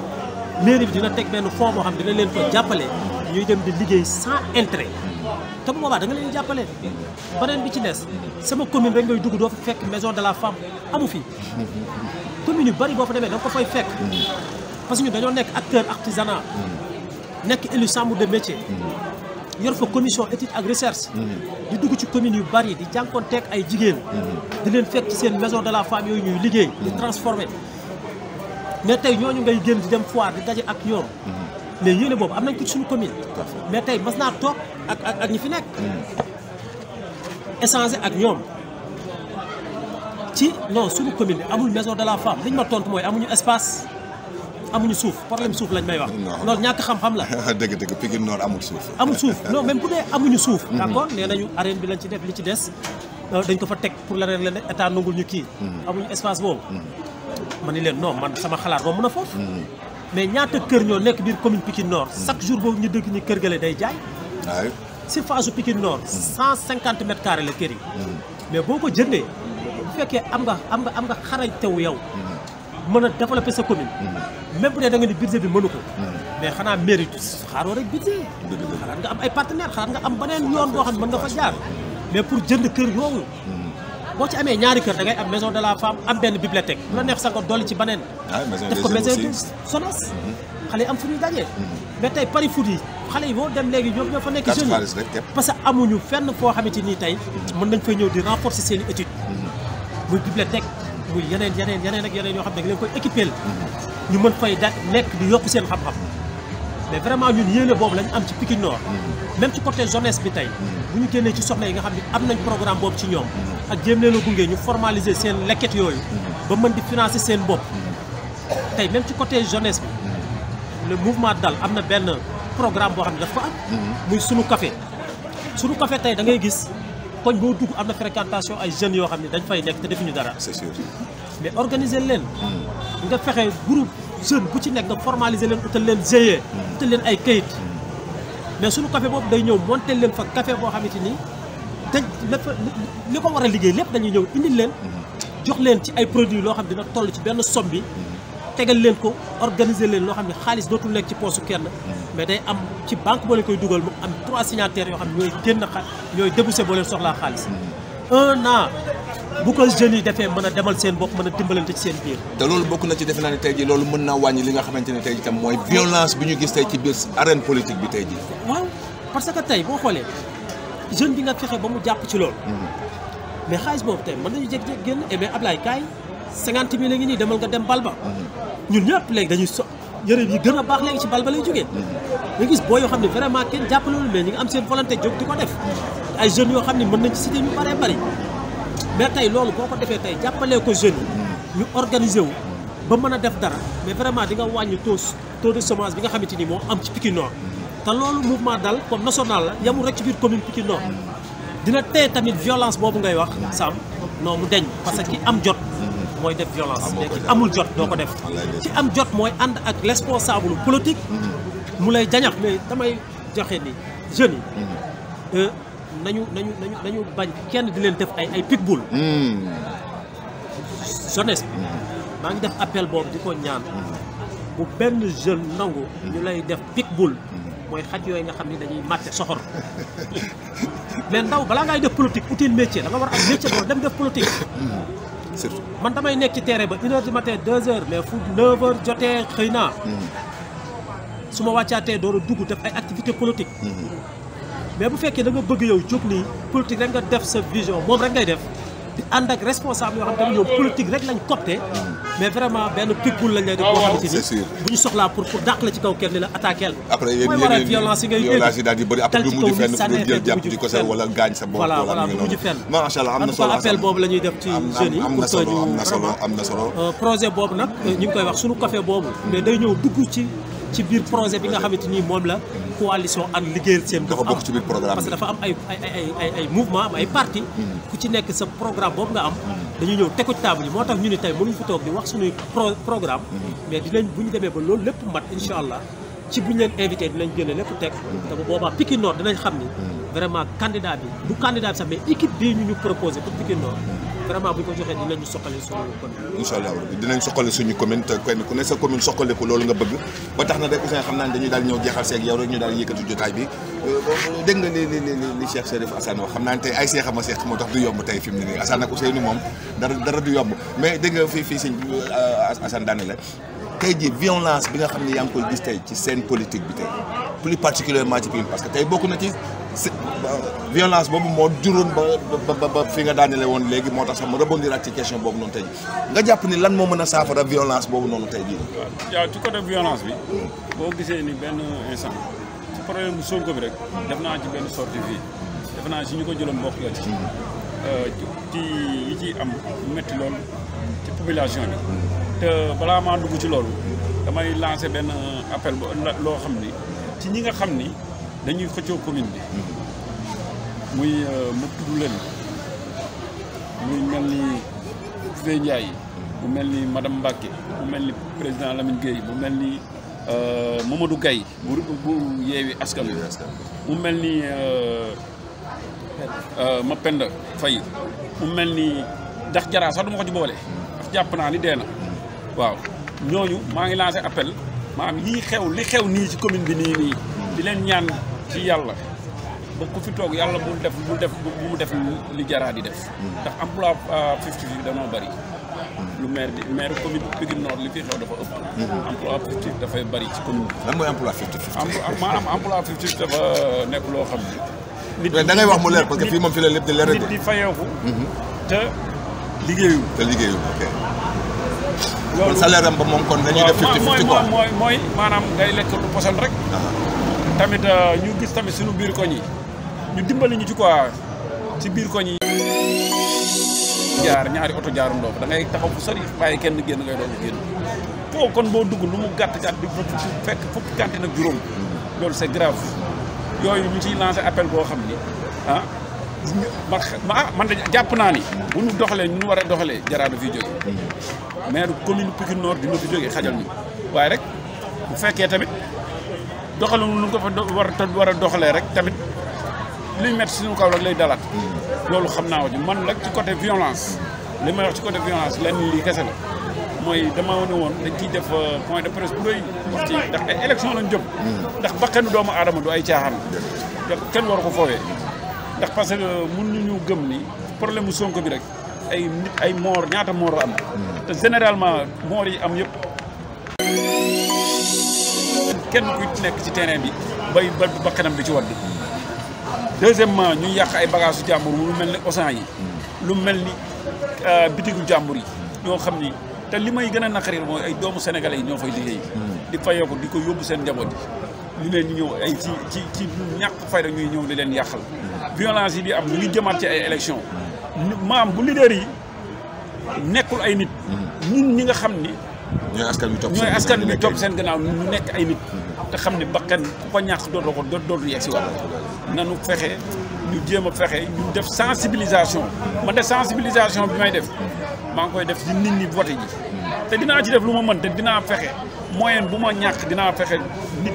mairie bi dina teg benn fonds boo xam ne dina leen ko jàppale ñuy dem di liggéey sans intérêt te bu boobaa da leen jàppale beneen bi ci des sama commune rek ngay dugg doo fa fekk maison de la femme amu fi commune yu bari boo fa demee da ko fay fekk parce que ñu dañoo nekk acteur artisanat nekk élu chambre de métier. Mhm. yor fa commission étude ak recherche. Mhm. di dugg ci communes yu bari di teg ay jigéen. Mhm. di leen fekk ci seen maison de la femme yooyu ñuy liggéey. di transformer mais tey ñooñu ngay génn di dem foire di daje ak ñoom. mais yéene boobu am nañ ko ci suñu commune. mais tey mas naa toog ak ak ak ñi fi nekk. échanger ak ñoom ci non suñu commune bi amul maison de la femme liñ ma tontu mooy amuñu espace. amuñu suuf problème suuf lañ may wax. loolu ñàkk xam-xam la. dëgg dëgg Pikine Nord amul suuf. amul suuf non même bu dee amuñu suuf. Mm-hmm. d'accord nee nañu arène bi lañ ci def li ci des euh, dañ ko fa teg pour leneen leneen état nangul ñu kii. Mm-hmm. amuñu espace boobu. Mm-hmm. ma ni leen non man sama xalaat romb na foofu. mais ñaata kër ñoo nekk biir commune Pikine noor chaque jour boobu ñu dëgg ñu kër gale day jaay. waaw surface su Pikine Nord. 150 mètres carrés la kër yi. mais boo ko jëndee bu fekkee am nga am am nga xarañtewu yow. mën a développer sa commune. même bu nga ni budget bi mënu ko hmm. mais xanaa mérite xaaroo rek budget xalaat nga am ay partenaire xalaat nga am beneen yoon boo xam ne mën nga fa jaar mais pour jënd kër yooyu hmm. boo ci amee ñaari kër da ngay am maison de la femme am benn bibliothèque bu hmm. la neex sax nga dolli ci beneen ah, def ko maison de SONES xale yi am fu ñuy dajee mais tey pari foot yi xale yi boo dem léegi ñoom ñoo fa nekk jeunes yi parce que amuñu fenn foo xamante nii tey mën nañ fay ñëw di renforcer seen i étude muy bibliothèque yeneen yeneen yeneen ak yeneen yoo xam ne da leen koy équipé ñu mën fay da nekk di yokk seen xam-xam mais vraiment ñun yéene boobu lañ am ci Pikine Nord mm-hmm. même ci côté jeunesse bi tey mm-hmm. bu ñu génnee ci soxna yi nga xam ne am nañ programme boobu ci ñoom mm-hmm. ak jéem leen a gunge ñu formaliser seen lekket yooyu ba mën di financer seen bopp tey même ci côté jeunesse bi le mouvement dal am na benn programme boo xam ne daf ko am muy sunu kafe sunu café tey da ngay gis koñ boo dugg am na fréquentation ay jeunes yoo xam ne dañ fay nekk te defuñu dara c'est sûr mais organiser nga fexe groupe jeune bu ci nekk nga formaliser leen utal leen GIE. utal leen ay kayit. mais suñu café boobu day ñëw monter leen fa café boo xamante ni dañ li ko war a liggéey lépp dañuy ñëw indil leen. jox leen ci ay produit loo xam dina toll ci benn somme bi. tegal leen ko organiser leen loo xam ne xaalis dootul nekk ci poosu kenn. mais day am ci banque boo leen koy dugal mu am trois signataires yoo xam ne ñooy génn xa ñooy débouché boo leen soxlaa xaalis. un an bu ko jeunes yi defee mën a demal seen bopp mën a dimbalante ci seen biir te loolu bokk na ci defe naa ne tey ji loolu mën naa wàññi li nga xamante ne tey ji tam mooy violence bi ñu gis tey ci biir arène politique bi tey ji waaw parce que tey boo xoolee jeune bi nga fexe ba mu jàpp ci loolu mm-hmm. mais xaalis boobu tey mën nañu jeg jékki génn et eh mais Ablaye kaay cinquante mille ngi nii demal nga dem bal ba mm-hmm. ñun ñëpp léegi dañuy so yëre yi gën a baax léegi ci bal ba lay jógee mm-hmm. nga gis boo yoo xam ne vraiment kenn jàppalewul mais ñi am seen volonté jóg di yoo xam ne mën nañ ci cité ñu bëree mais tey loolu boo ko defee tey jàppalee ko jeunes yi ñu organiser wu ba mën a def dara mais vraiment di nga wàññi taux taux de chômage bi nga xamante ni moo am ci Pikine Nord te loolu mouvement dal comme national la yamul rek ci biir commune Pikine Nord dina tey tamit violence boobu ngay wax Sam non mu deñ parce que ki am jot mooy def violence mais amul jot doo ko def ci am jot mooy ànd ak responsable politique mu lay jañax mais damay joxe ni jeunes yi mm-hmm. euh, nañu nañu nañu nañu bañ kenn di leen def ay ay pitbull. Hmm. jeunesse bi. Hmm. maa ngi def appel boobu di ko ñaan. Hmm. bu benn jeune nangu. ñu lay def pitbull. mooy xaj yooyu nga xam ne dañuy màtte soxor mais ndaw balaa ngay def politique utile métier da nga war am métier boo dem def politique. man damay nekk ci terrain ba une heure du matin deux heures mais fu neuf heures xëy naa. su ma wàccaatee door a dugg def ay activité politique. mais bu fekkee da bëgg yow jóg nii politique rek nga def sa vision moom rek ngay def di ànd ak responsable yoo xam tamit yow politique rek lañ copté mais vraiment benn pitbull lañ lay def ah, boo xamante ni pour pour dàq la ci kaw kenn ni la attaqué la après yéen yéen violence yi ngay violence yi daal di bëri après du mujj fenn fu jël jàpp di ko seet wala gaañ sa bopp voilà du mujj fenn macha allah am na solo appel boobu am na solo am na solo euh, projet boobu nag euh, ñu ngi koy wax suñu café boobu mais day ñëw dugg ci biir projet bi nga xamante ni moom la coalition ànd liggéeyal seen dafa bokk ci biir programme parce que dafa am ay parti ku ci nekk sa programme boobu nga am dañuy ñëw teg ko ci table yi moo tax ñu ni tey mënuñu fi toog di wax suñuy programme mais dinañ bu ñu demee ba loolu lépp mat incha allah ci bu ñu leen invité dinañ génne lépp teg te bu boobaa Pikine Nord dinañ xam ni vraiment candidat bi du candidat bi sax mais équipe bii ñu ñu proposé pour Pikine vraiment bu ñu ko joxee dinañu soqali suñu commune. ku ne sa commune soqali ko loolu nga bëgg ba tax na rek Ousseyn xam naa ne daal ñëw jeexal seeg yow ñu daal yëkkati jotaay bi euh, dégg li li li li Cheikh Chérif wax xam naa ne tey ay seex a ma seex moo moom dara du yomb mais dégg fii fii sëñ euh, Assane daane tey ji violence bi nga xam ne yaa ngi koy gis tey ci scène politique bi tey plus particulièrement ci biir parce que tey bokk na ci violence boobu moo juróon ba ba ba fi nga daanele woon léegi moo tax sax ma rebondiraat ci question boobu noonu tey nga jàpp ni lan moo mën a saafara violence boobu noonu tey jii. waaw ci côté violence bi. boo gisee ni benn instant. ci problème rek. def naa ci benn sortie fii. def naa si ko jëloon mbokk yoo hmm. euh, ci. ci yi am métti population bi. te balaa maa dugg ci loolu. damay lancer benn appel boo loo xam ni. ci ñi nga xam ni. dañuy xëccoo commune bi muy euh, ma tudd leen muy mel ni Sey Ndiaye bu mel ni madame Mbacke bu mel ni président Lamine Gueye mu mel ni euh, Mamadou Gaye bu bu yeewi mu mel ni euh, Mapenda Faye mu mel ni ndax jaraa sax du ma boole ndax jàpp naa ni dee na waaw ñooñu maa ngi lancé appel maanaam yii xew li xew nii ci commune bi nii nii di leen ñaan ci yàlla ba ku fi toog yàlla bul def bul def bu mu def li jaraa di def. ndax emploi euh, fictif yi danoo bëri. lu meer bi maire commune Pikine Nord li fi xew dafa ëpp. Mm-hmm. emploi fictif dafay bëri ci commune bi. lan mooy emploi fictif. maanaam emploi dafa nekk loo xam ne. nit dangay wax mu leer parce que fii moom fi la lépp di leer nit di fayeeku. Mm-hmm. te liggéeyu. te liggéeyu kon salaire am ba moom kon dañuy def. fictif fictif mooy maanaam ngay lekk lu poson rek. Ah. tamit euh, ñu gis tamit suñu biir ko yi ñu dimbali ñu ci quoi ci biir koñ yi. jaar ñaari oto jaarandoo da ngay taxaw fu sori bàyyi kenn génn ngay doon génn foofu kon boo dugg lu mu gàtt gàtt di fekk fukki gàtt nag juróom loolu c'est grave yooyu ñu ciy lancé appel boo xam ni ah ma ah, man de jàpp naa ni bu ñu doxalee ñu war a doxalee jaraa fi jóge maire commune Pikine Nord dina fi jógee xajal ñu waaye rek bu fekkee tamit. doxalu nu ko fa war a war a doxalee rek tamit liy métti nu kaw rek lay dalaat mm. loolu xam naa waju man nag ci côté violence mm. li may ci côté violence lenn lii kese la mooy dama ne woon dañ ciy def euh, point de presse bu doy wax ci ndax ay élection lañ jëm mm. ndax bakkanu doomu aadama du ay caaxaan te kenn waru ko foowee ndax parce que mun ñu ñu gëm ni problème mu sonk bi rek ay ay moor ñaata moor am te généralement moor yi am yëpp kenn kuy nekk ci terrain bi bay ba bakkanam di ci wadd deuxièmement ñu yàq ay bagage su mu lu mel ni osan yi lu mel ni euh, bitigu jàmbur yi ñoo xam ni te li may gën a naqari mooy ay doomu sénégal yi ñoo fay liggéey di fayoo ko di ko yóbbu seen njaboot yi ñu leen ñu ñëw ay ci ci ci ñàkk fayda ñuy ñëw di leen yàqal violence yi di am ñu ngi jëmaat ci ay élection maam bu leader yi nekkul ay nit hmm. ñu ñi nga xam ni ñooy askan bi topp seen gannaaw ñu nekk ay nit te xam ne bakkan ku ko ñàkk dootoo ko dootu yegg si wàll nanu fexe ñu jéem a fexe ñu def sensibilisation ma def sensibilisation bi may def maa ngi koy def ci nit ñi voté ji te dinaa ci def lu ma mën te dinaa fexe moyen bu ma ñàkk dinaa fexe nit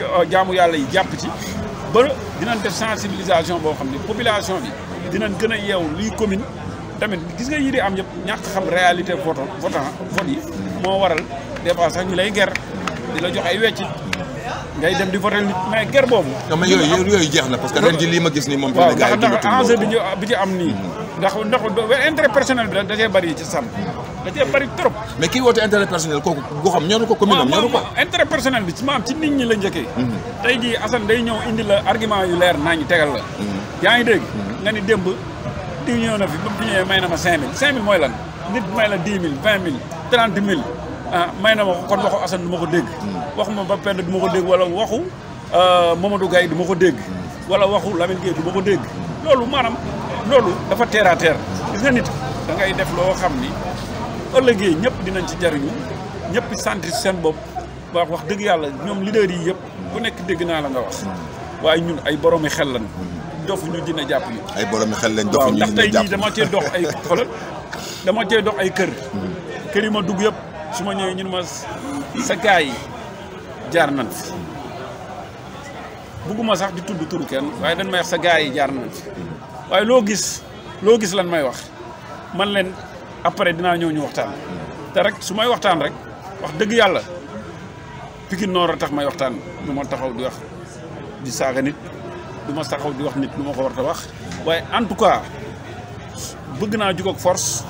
euh, jaamu yàlla yi jàpp ci ba dinañ def sensibilisation boo xam ne population bi dinañ gën a yeew luy commune tamit gis nga yi di am yëpp ñàkk xam réalité vote votant vote yi moo waral des fois sax ñu lay ger di la jox ay weccit ngay dem di voté nit mais ger boobu. mais yooyu jeex na parce que ren lii ma gis nii moom. waaw ndax ndax enjeu bi ñu bi ci am nii. ndax ndax intérêt personnel mais kii woote intérêt personnel kooku goxam ko commune am ñoru ko. intérêt personnel bi ci maam ci nit ñi la njëkkee. Mhm. tey jii Assane day ñëw indi la argument yu leer naa tegal la. Mhm. yaa ngi dégg. Mhm. nga ni démb diw ñëw na fi ba mu fi ñëwee may na ma 5000 5000 mooy lan nit may la 10 000 20 000 30 000 ah may na ma ko kon waxu Assane du ma ko dégg. Hmm. waxu ma Bapenda du ma ko dégg wala waxu ah, Mamadou Gaye du ma ko dégg. Hmm. wala waxu Lamine Gueye du ko dégg. Hmm. loolu maanaam loolu dafa terre à terre nga nit da def loo xam ni ëllëgee ñëpp dinañ ci jariñu ñëpp sentir seen bopp wax wax dëgg yàlla ñoom leader yi yëpp bu nekk dégg naa la nga wax waaye ñun ay boromi xel lañ dofu ñu dina jàpp ñu. ay boromi xel lañ dofu ñu dina jàpp waaw ndax tey jii dama cee dox ay xoolal dama cee dox ay kër. kër yi ma dugg yëpp. su ma ñëwee ñun ma sa gars yi jaar nañ fi bugguma sax di tudd turu kenn waaye dañ may wax sa gars yi jaar na fi waaye loo gis loo gis lan may wax man leen après dinaa ñëw ñu waxtaan te rek su may waxtaan rek wax dëgg yàlla Pikine Nord a tax may waxtaan du ma taxaw di wax di saaga nit du ma taxaw di wax nit lu ma ko war a wax waaye en tout cas bëgg naa jug force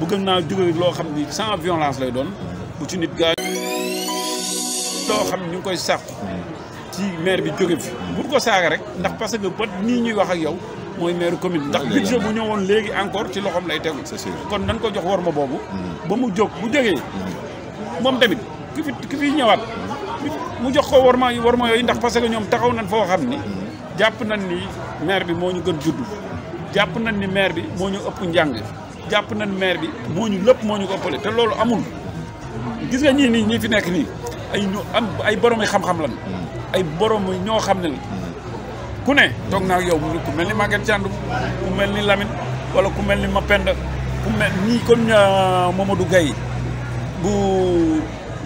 bu gën naa jóge loo xam ni sans violence lay doon bu ci nit gaañ loo xam ñu ngi koy sàq ci maire bi jóge fi bu ko saaga rek ndax parce que ba nii ñuy wax ak yow mooy maire commune ndax budget bu ñëwoon léegi encore ci loxoom lay tegu kon dañ ko jox war ma boobu mm-hmm. ba mu jóg mu jógee mm-hmm. moom tamit ki fi ki fi ñëwaat mm-hmm. mu jox ko war ma war ma yooyu ndax parce que ñoom taxaw nañ foo xam ni jàpp nañ ni maire bi moo ñu gën judd jàpp nañ ni maire bi moo ñu ëpp njàng jàpp nañ maire bi moo ñu lépp moo ñu ko ëppale te loolu amul gis nga ñii nii ñii fi nekk nii ay ñu am ay borom yi xam-xam lan ay borom ñoo xam ne la ku ne toog naa ak yow ku mel ni Maguette Thiandoum ku mel ni lamin wala ku mel ni Mapenda ku mel nii comme euh, Mamadou Gaye bu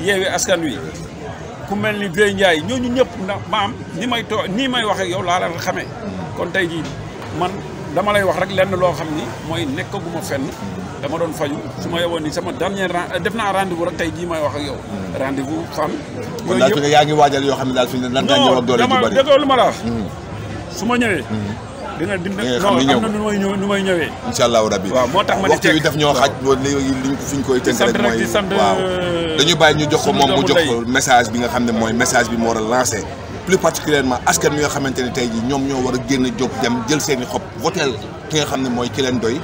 yeewi askan wi ku mel ni Guèye Ndiaye ñooñu ñëpp na maam ni may too nii may wax ak yow laa la kon tey jii man. dama lay wax rek lenn loo xam ni mooy nekk nekkaguma fenn dama doon faju su ma yowoon ni sama dernier def naa rendez-vous rek tey jii may wax ak yow rendez-vous fan kon yaa ngi waajal yoo xam ne daal fi ne lan nga ñëw ak doole ju bari déggoo ma la wax hmm. su ma ñëwee hmm. dina dina non am na nu may ñëw nu may ñëwee incha allahu rabbi waaw moo tax ma waxtu bi daf ñoo xaj li liñ fi ñu koy tënk rek mooy waaw euh, dañu bàyyi ñu jox ko moom mu jox ko message bi nga xam ne mooy message bi moo war a lancé plus particulièrement askan mi nga xamante ne tey jii ñoom ñoo war a génn jóg dem jël seeni xob voteel ki nga xam ne mooy ki leen doy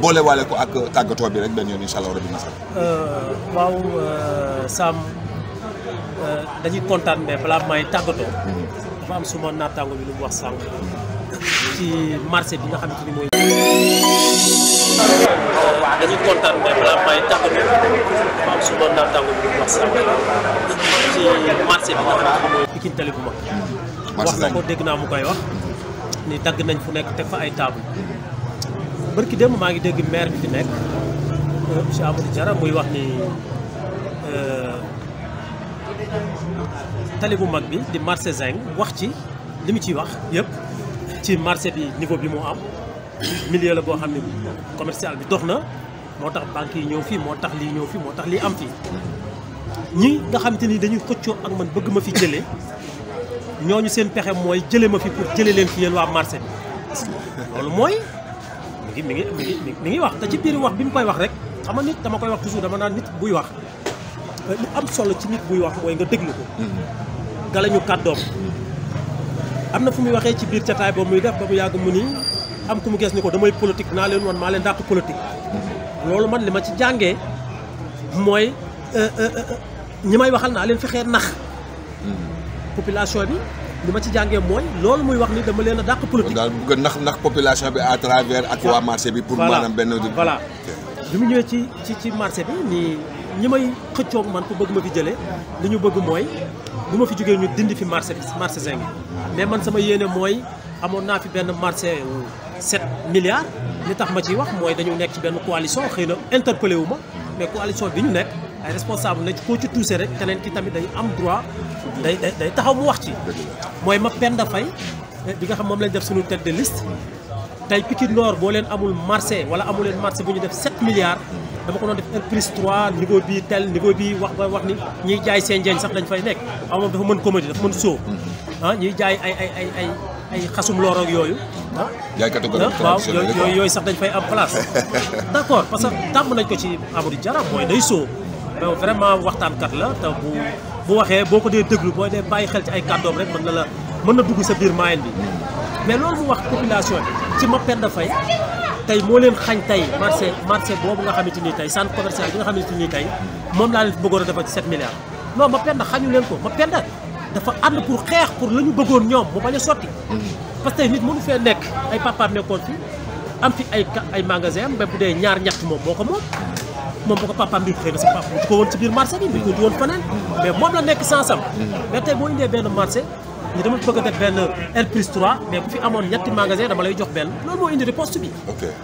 boolewaale ko ak tàggatoo bi rek benn yoon incha allah rabi nasar. Euh, euh, euh, kontaan mais balaa may suma naataango bi lu mu wax sànq. marché bi nga xamante ni mooy. Oh, dañuy kontaan mais balaa may tàggatoo. suma naataango bi wax si ci marché dégg naa mu koy wax ni nañ fu nekk teg fa ay table bërki démb maa ngi dégg maire bi fi nekk euh, monsieur Amadou wax ni euh, tali bu mag bi di marché Zing wax ci li mu ciy wax yëpp ci marché bi niveau bi mu am milieu la boo xam ne commercial bi dox na moo tax banques yi ñëw fii moo tax lii ñëw fii moo tax lii am fii ñi nga xam te ni dañuy xëccoo ak man bëgg ma fi jëlee ñu seen pexe mooy jëlee ma fi pour jëlee leen fi yéen waa marché bi loolu mooy mi ngi mi ngi mi ngi mi ngi wax te ci biir wax bi mu koy wax rek xam nga nit dama koy wax toujours dama naan nit buy wax li am solo ci nit buy wax mooy nga déglu ko galañu kàddoom am na fu muy waxee ci biir jataay boobu muy def ba mu yàgg mu ni am ku mu gees ko damay politique naa leen woon maa leen dàq politique loolu man li ma ci jàngee mooy euh, euh, euh, ñi may waxal naa leen fexee nax population bi li ma ci jàngee mooy loolu muy wax ni dama leen a dàq politique daal nax nax population bi à travers ak waa marché bi pour maanaam benn voilà mu ñëwee ci ci ci marché bi nii ñi may xëccook man ko bëgg ma fi jëlee li ñu bëgg mooy bu ma fi jógee ñu dindi fi marché bi marché zinc mais man sama yéene mooy amoon naa fi benn marché 7 milliards li tax ma ci wax mooy dañu nekk ci benn coalition xëy na interpellé wu ma mais coalition bi ñu nekk ay responsable na ci koo ci tuuse rek keneen ki tamit dañu am droit day day taxaw mu wax ci mooy ma Penda Faye eh, bi nga xam moom lañ def suñu tête de liste tey Pikine boo leen amul marché wala amu leen marché bu ñu def 7 milliards dama ko doon def un plus 3 niveau bi tel niveau wax ba wax ni ñiy jaay seen njëriñ sax fay nekk aw moom dafa mën comédie dafa mën soo ah ñiy jaay ay ay ay ay ay xasum looroog yooyu jaaykatu garab traditionnel waaw yooyu yooyu sax dañ fay am place. d' accord parce que tàmm nañ ko ci Amadou Diarra mooy day soo. mais vraiment waxtaankat la te bu bu waxee boo ko dee déglu boo dee bàyyi xel ci ay kàddoom rek mën na la mën na dugg sa biir maayen bi. mais loolu mu wax population ci ci Mapenda Faye tey moo leen xañ tey marché marché boobu nga xamante nii tey sant commercial bi nga xamante ni tey moom laa leen bëggoon a defal ci 7 milliards. non Mapenda xañu leen ko Mapenda dafa ànd pour xeex pour la ñu bëggoon ñoom mu bañ a sotti. parce que nit mënu fee nekk ay papaam nekkoon fi am fi ay ay magasin am bu dee ñaar ñett moom moo ko moom moom bu ko papaam di xëy na sa papa bu ko woon ci biir marché bi bu ko woon fanaan mais moom la nekk sansam mais tey boo indee benn marché ñu dama bëgg def benn R plus 3 mais bu fi amoon ñetti magasin dama lay jox benn loolu moo indi riposte bi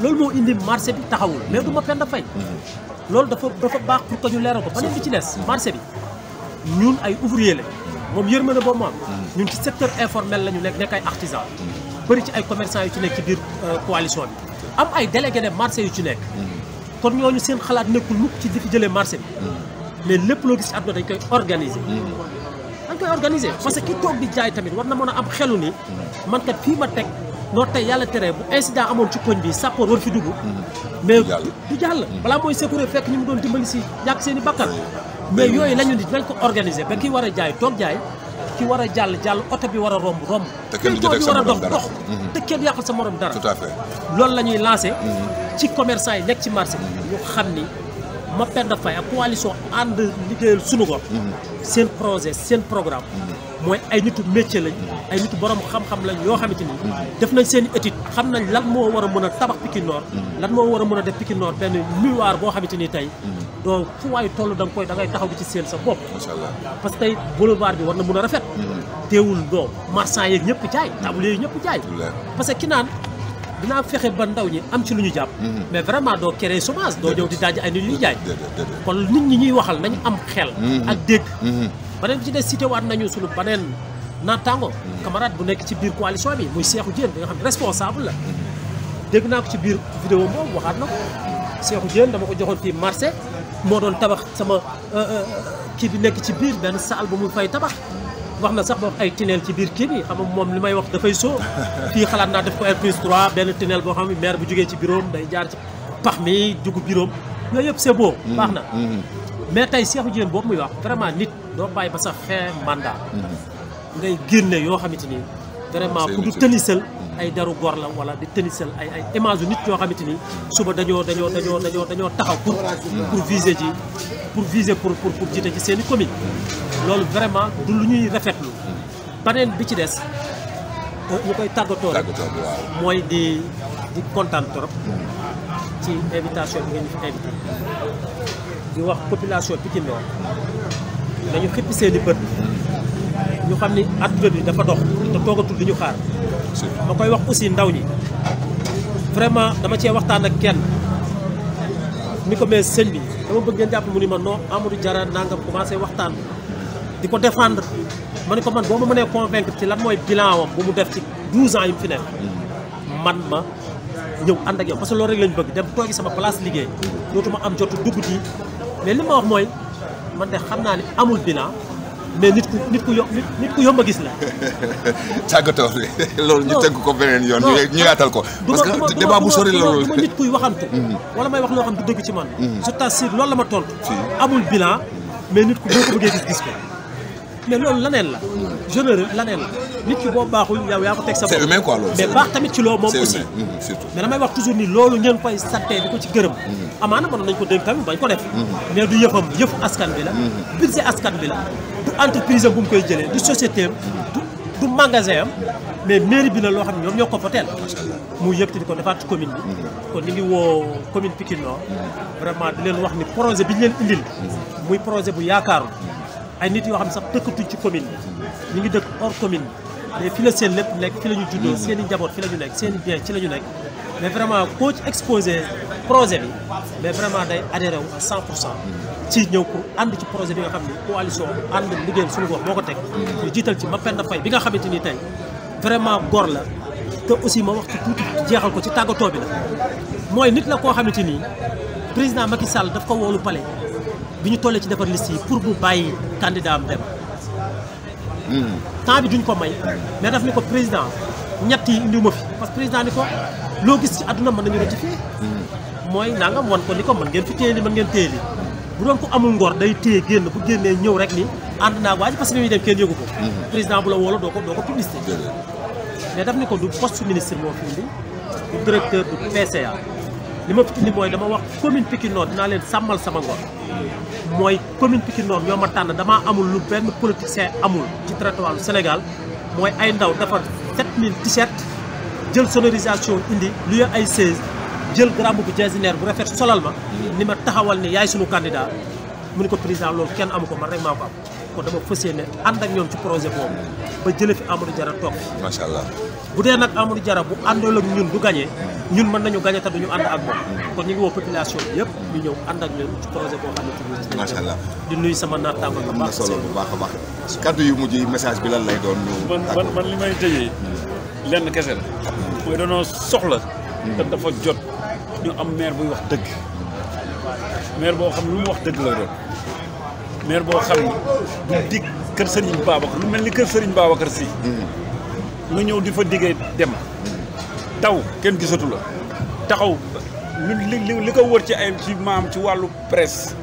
loolu moo indi marché bi taxawul mais du ma pen da fay mm-hmm. loolu dafa dafa baax pour que ñu leeral ko beneen bi ci des marché bi ñun ay ouvrier la moom yërmande boobu moom ñun ci secteur informel la ñu nekk nekk ay artisan bëri ci ay commerçant yu ci nekk ci biir euh, coalition bi am ay délégué de marché yu ci nekk kon ñooñu seen xalaat nekkul mukk ci di fi jëlee marché bi mais lépp loo gis àdduna dañ koy organiser dañ koy organiser parce que ki toog di jaay tamit war na mën a am xelu ni man kat fii ma teg noo tey yàlla tere bu incident amoon ci koñ bi sappoor war fi dugg mm. mais du jàll balaa mooy sécuré fekk ñu mu doon dimbali si yàq seen i bakkan mais yooyu la ñu nañ ko organiser ba ki war a jaay toog jaay ki war a jàll jàll oto bi war a romb romb. te kenn du war a dox dox. Mhm. te kenn yàqal sa morom dara. tout à fait loolu la ñuy lancé. Mhm. ci commerçant yi nekk ci marché bi. Mhm. xam ni ma Mapenda Faye ak coalition ànd liggéeyal sunu gox. seen projet seen programme. mooy ay nitu métier lañ ay nitu borom xam-xam lañ yoo xamante ni def nañ seen étude xam nañ lan moo war a mën a tabax Pikine Nord lan moo war a mën a def Pikine Nord benn miroir boo xamante ni tey donc fu waay toll da nga koy dangay taxaw di ci seen sa bopp. macha allah parce que tey boulevard bi war na mën a rafet. Mm-hmm. teewul doo marchand yeeg ñëpp jaay tablier yi ñëpp jaay. parce que ki naan dinaa fexe ba ndaw ñi am ci lu ñu jàpp. Mm-hmm. mais vraiment doo kere chômage doo ñëw di daaj ay nit ñuy jaay. kon nit ñi ñuy waxal nañu am xel. Mm-hmm. ak dégg. beneen bi ci des cité waat nañu sunu beneen naataango. camarade bu nekk ci biir coalition bi muy Cheikhou Diène bi nga xam ne responsable la. dégg naa ko ci biir vidéo boobu waxaat na Cheikhou Diène dama ko joxoon fii marché moo doon tabax sama euh, euh, kii bi nekk ci biir benn saal bu mu fay tabax wax na sax ba ay tunnel ci biir kii bi xam moom li may wax dafay soo fii xalaat naa def ko R plus benn tunnel boo xam ne maire bu jógee ci bureau day jaar ci pax mi dugg bureau yooyu yëpp seboo beau mm-hmm, baax na mm-hmm. mais tey Cheikhou Diène boobu muy wax vraiment nit doo bàyyi ba sa fin mandat mm-hmm. ngay génne yoo xamante ni vraiment pour du tënisal ay daru gor la wala di tënisal ay ay image yu nit ñoo xamante ni suba dañoo dañoo dañoo dañoo dañoo taxaw pour pour viser ji pour viser pour pour pour ji ci seen i commune loolu vraiment du lu ñuy rafetlu beneen bi ci des euh, ñu koy tàggatoo rek mooy di di kontaan trop ci invitation bi ngeen ñu fi invité di wax population Pikine Nord dañu xippi seen i bët ñu xam ni adduna bi dafa dox te toogatul di ñu xaar ma koy wax aussi ndaw ñi vraiment dama cee waxtaan ak kenn ni ko mais sëñ bi dama bëgg ngeen jàpp mu ni ma non Amadou Diarra nangam commencé waxtaan di ko défendre ma ni ko man boo ma mënee convaincre ci lan mooy bilan wam bu mu def ci 12 ans yu mu fi nekk man ma ñëw ànd ak yow parce que loolu rek lañ bëgg dem toogi sama place liggéey ma am jotu dugg ci mais li ma wax mooy man de xam naa ni amul bilan mais nit ku nit ku yo yomb a gis la. tàggatoo bi loolu ñu tënk ko beneen yoon. non ñu yaatal ko. parce que débat bu sori la loolu. du ma nit kuy waxantu. Mm. wala may wax loo xam du dëgg ci man. Mm. je t'assure loolu la ma tontu. amul bilan mais nit ku boo ko bëggee gis gis ko. mais loolu laneen la généreux laneen la nit ki boo baaxul yow yaa ko teg sa bopp. c'est humain quoi loolu baax tamit ci loo moom aussi mm-hmm, surtout wax toujours ni loolu ngeen koy sante di ko ci gërëm mm-hmm. amaana mën nañ ko dénk tamit bañ ko def mm-hmm. mais du yëfam yëfu askan bi la budget askan bi la du entreprise bu mu koy jëlee du société am du magasin am mais bi la loo xam ne ñoom ñoo ko poteel mu yëkkati ko defaat ci commune bi ko ñu ngi woo commune Pikine Nord vraiment di leen wax ni projet bi ñu leen indil bu yaakaaru ay nit yoo xam ne sax dëkkatuñ ci commune bi ñu ngi dëkk hors commune mais fi la seen lépp nekk fi la ñu juddoo mm-hmm. seen njaboot fi la ñu nekk seen i bien ci la ñu nekk mais vraiment koo ci exposé projet bi mais vraiment day adhéré wu à 100 mm-hmm. ci ñëw pour ànd ci projet bi nga xam ne coalition ànd liggéeyal suñu gox moo ko teg mm-hmm. ñu jiital ci Mapenda Faye bi nga xamante ni tey vraiment gor la te aussi ma wax ci tuuti jeexal ko ci tàggatoo bi la mooy nit la koo xamante ni président Macky Sall daf ko woolu palais bi ñu tollee ci defar liste yi pour bu bàyyi candidat am dem. temps bi duñ ko may. mais daf ni ko président ñett yi ma fi parce que président ni ko loo gis ci àdduna mën nañu ratifier. mooy nangam wan ko ni ko mën ngeen fi téye li mën ngeen téye li bu doon ko amul ngor day téye génn bu génnee ñëw rek ni ànd naa waa ji parce que ñuy dem kenn yëgu ko. président bu la wóolu doo ko doo ko publicité. mais daf ni ko du poste ministre moo fi indi du directeur du PCA. li ma fi indi mooy dama wax commune Pikine Nord dinaa leen sàmmal sama ngor mooy commune Pikine Nord ñoo ma tànn damaa amul lu benn politicien amul ci territoire du Sénégal mooy ay ndaw defar 7000 t-shirt jël sonorisation indi lu ay 16 jël gramme bu jasineer bu rafet solal ma ni ma taxawal ni yaay sunu candidat mu ne ko président loolu kenn amu ko man rek maa ko am ko dama fas yéene ànd ak ñoom ci projet boobu ba jële fi Amadou Diarra toog macha allah bu dee nag Amadou jara bu àndool ak ñun du gañee ñun mën nañu gagné te duñu ànd ak moom kon ñu ngi woo population bi yëpp ñu ñëw ànd ak ñoom ci projet boo xamante ni macha allah di nuyu sama naataango bu baax solo bu baax a baax kaddu yu mujj yi message bi lan lay doon ñu man man li may tëjee hmm. lenn kese la mooy dañoo soxla hmm. te dafa jot ñu am maire buy wax dëgg hmm. maire boo xam lu mu wax dëgg maire boo xam ni du dig kër Serigne Babacar lu mel ni kër Serigne Babacar si. nga ñëw di fa diggee dem. taw kenn gisatu la. taxaw li li li ko wër ci ay ci maam ci wàllu presse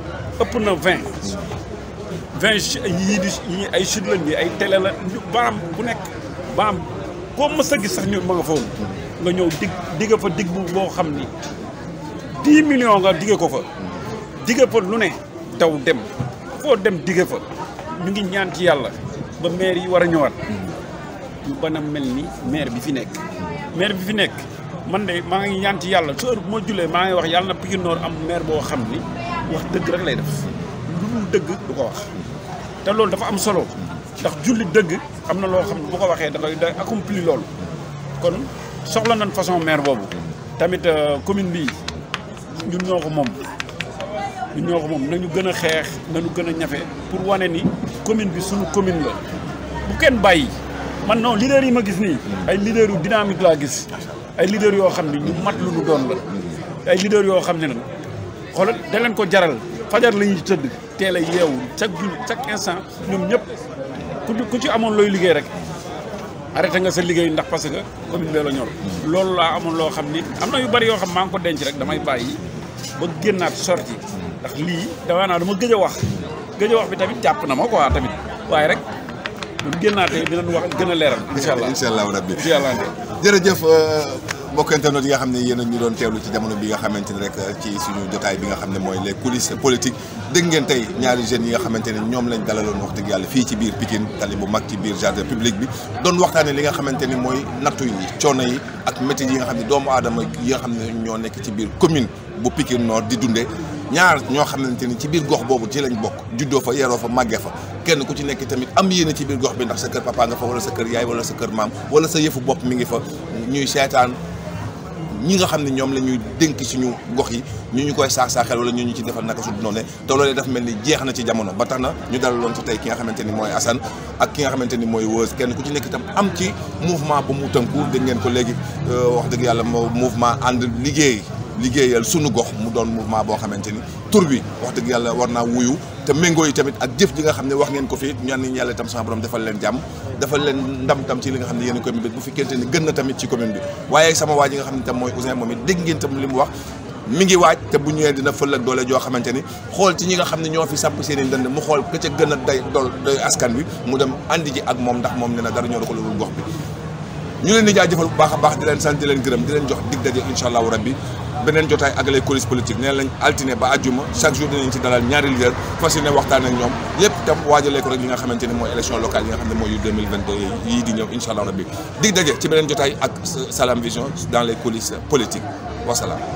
ëpp na vingt. vingt yii di ay chute la ñuy ay télé la baam bu nekk baam koo mës a gis sax ñu ma nga foofu nga ñëw dig digga fa dig bu boo xam ni dix million nga digge ko fa digga fa lu ne taw dem foo dem digge fa ñu ngi ñaan ci yàlla ba maire yi war a ñëwaat ñu ban a mel ni maire bi fi nekk maire bi fi nekk man de maa ngi ñaan ci yàlla su heure bu ma julee maa ngi wax yàlla na Pikine Nord am maire boo xam ni wax dëgg rek lay def lu dul dëgg du ko wax te loolu dafa am solo ndax julli dëgg am na loo xam ne bu ko waxee dafay day accompli loolu kon soxla nañ façon maire boobu tamit euh, commune bi ñun ko moom du ñoo ko moom nañu gën a xeex nañu gën a ñafe pour wane ni commune bi suñu commune la bu kenn bàyyi man non leader yi ma gis nii ay leader yu dynamique laa gis ay leader yoo xam ne ñu mat lu ñu doon la ay leader yoo xam ne nag xoolal da leen ko jaral fajar la tëdd teel a yeewu chaque jour chaque instant ñoom ñëpp ku ci amoon looy liggéey rek arrêté nga sa liggéey ndax parce que commune bee la ñor loolu laa amoon loo xam ni am na yu bari yoo xam maa ngi ko denc rek damay bàyyi ba génnaat sorti ndax lii dawaa naa dama gëj a wax gëj wax bi tamit jàpp na ma quoi tamit waaye rek bu génnaatee dinañ gën a leeral. incha allah incha allah rabbi incha allah jërëjëf euh, mbokk internet yi nga xam ne yéen ñu doon teewlu ci jamono bi nga xamante ne rek ci suñu jotaay bi nga xam ne mooy les coulisses politiques dégg ngeen tey ñaari jeunes yi nga xamante ne ñoom lañ dalaloon wax dëgg yàlla fii ci biir Pikine tali bu mag ci biir jardin public bi doon waxtaane li nga xamante ni mooy nattu yi coono yi ak métier yi nga xam ne doomu aadama yi nga xam ne ñoo nekk ci biir commune bu Pikine Nord di dundee ñaar ñoo xamante ni ci biir gox boobu ci lañ bokk juddoo fa yeroo fa màggee fa kenn ku ci nekk tamit am yéene ci biir gox bi ndax sa kër papa nga fa wala sa kër yaay wala sa kër maam wala sa yëfu bopp mi ngi fa ñuy seetaan ñi nga xam ne ñoom la ñuy dénk suñu gox yi ñu ñu koy saax saaxel ñu ñu ci defal naka su noonu ne te loolee mel ni jeex na ci jamono ba tax na ñu dalaloon ci tey ki nga xamante ni mooy Assane ak ki nga xamante ni mooy Weuz kenn ku ci nekk itam am ci mouvement bu mu tënku dégg ngeen ko léegi euh, wax dëgg yàlla moo mouvement ànd liggéey liggéeyal sunu gox mu doon mouvement boo xamante ni tur bi wax dëgg yàlla war naa wuyu te méngoo yi tamit ak jëf ji nga xam ne wax ngeen ko fi ñaan nañu yàlla itam sama borom defal leen jàmm defal leen ndam tam ci li nga xam ne yéen commune bi bu fekkente ni gën na tamit ci commune bi waaye sama waa ji nga xam ne tam mooy Ouzin moom it dégg ngeen li mu wax mi ngi waaj te bu ñëwee dina fël ak doole joo xamante ni xool ci ñi nga xam ne ñoo fi samp seen i ndënd mu xool ka ca gën a day dool doy askan wi mu dem indi ji ak moom ndax moom ne na dara ñoo ko lolul gox bi ñu leen di jaajëfal bu baax baax di leen sant di gërëm di leen jox dig daje incha allahu rabbi beneen jotaay ak les coulisses politiques nee lañ altine ba àjjuma chaque jour dinañ ci dalal ñaari leader fas yéene ñoom yépp itam waajalee ko rek li nga xamante ne mooy élection locale yi nga xam ne mooy yu yii di ñëw incha allah rabbi dig ci beneen jotaay ak Salam Vision dans les coulisses politiques wasalaam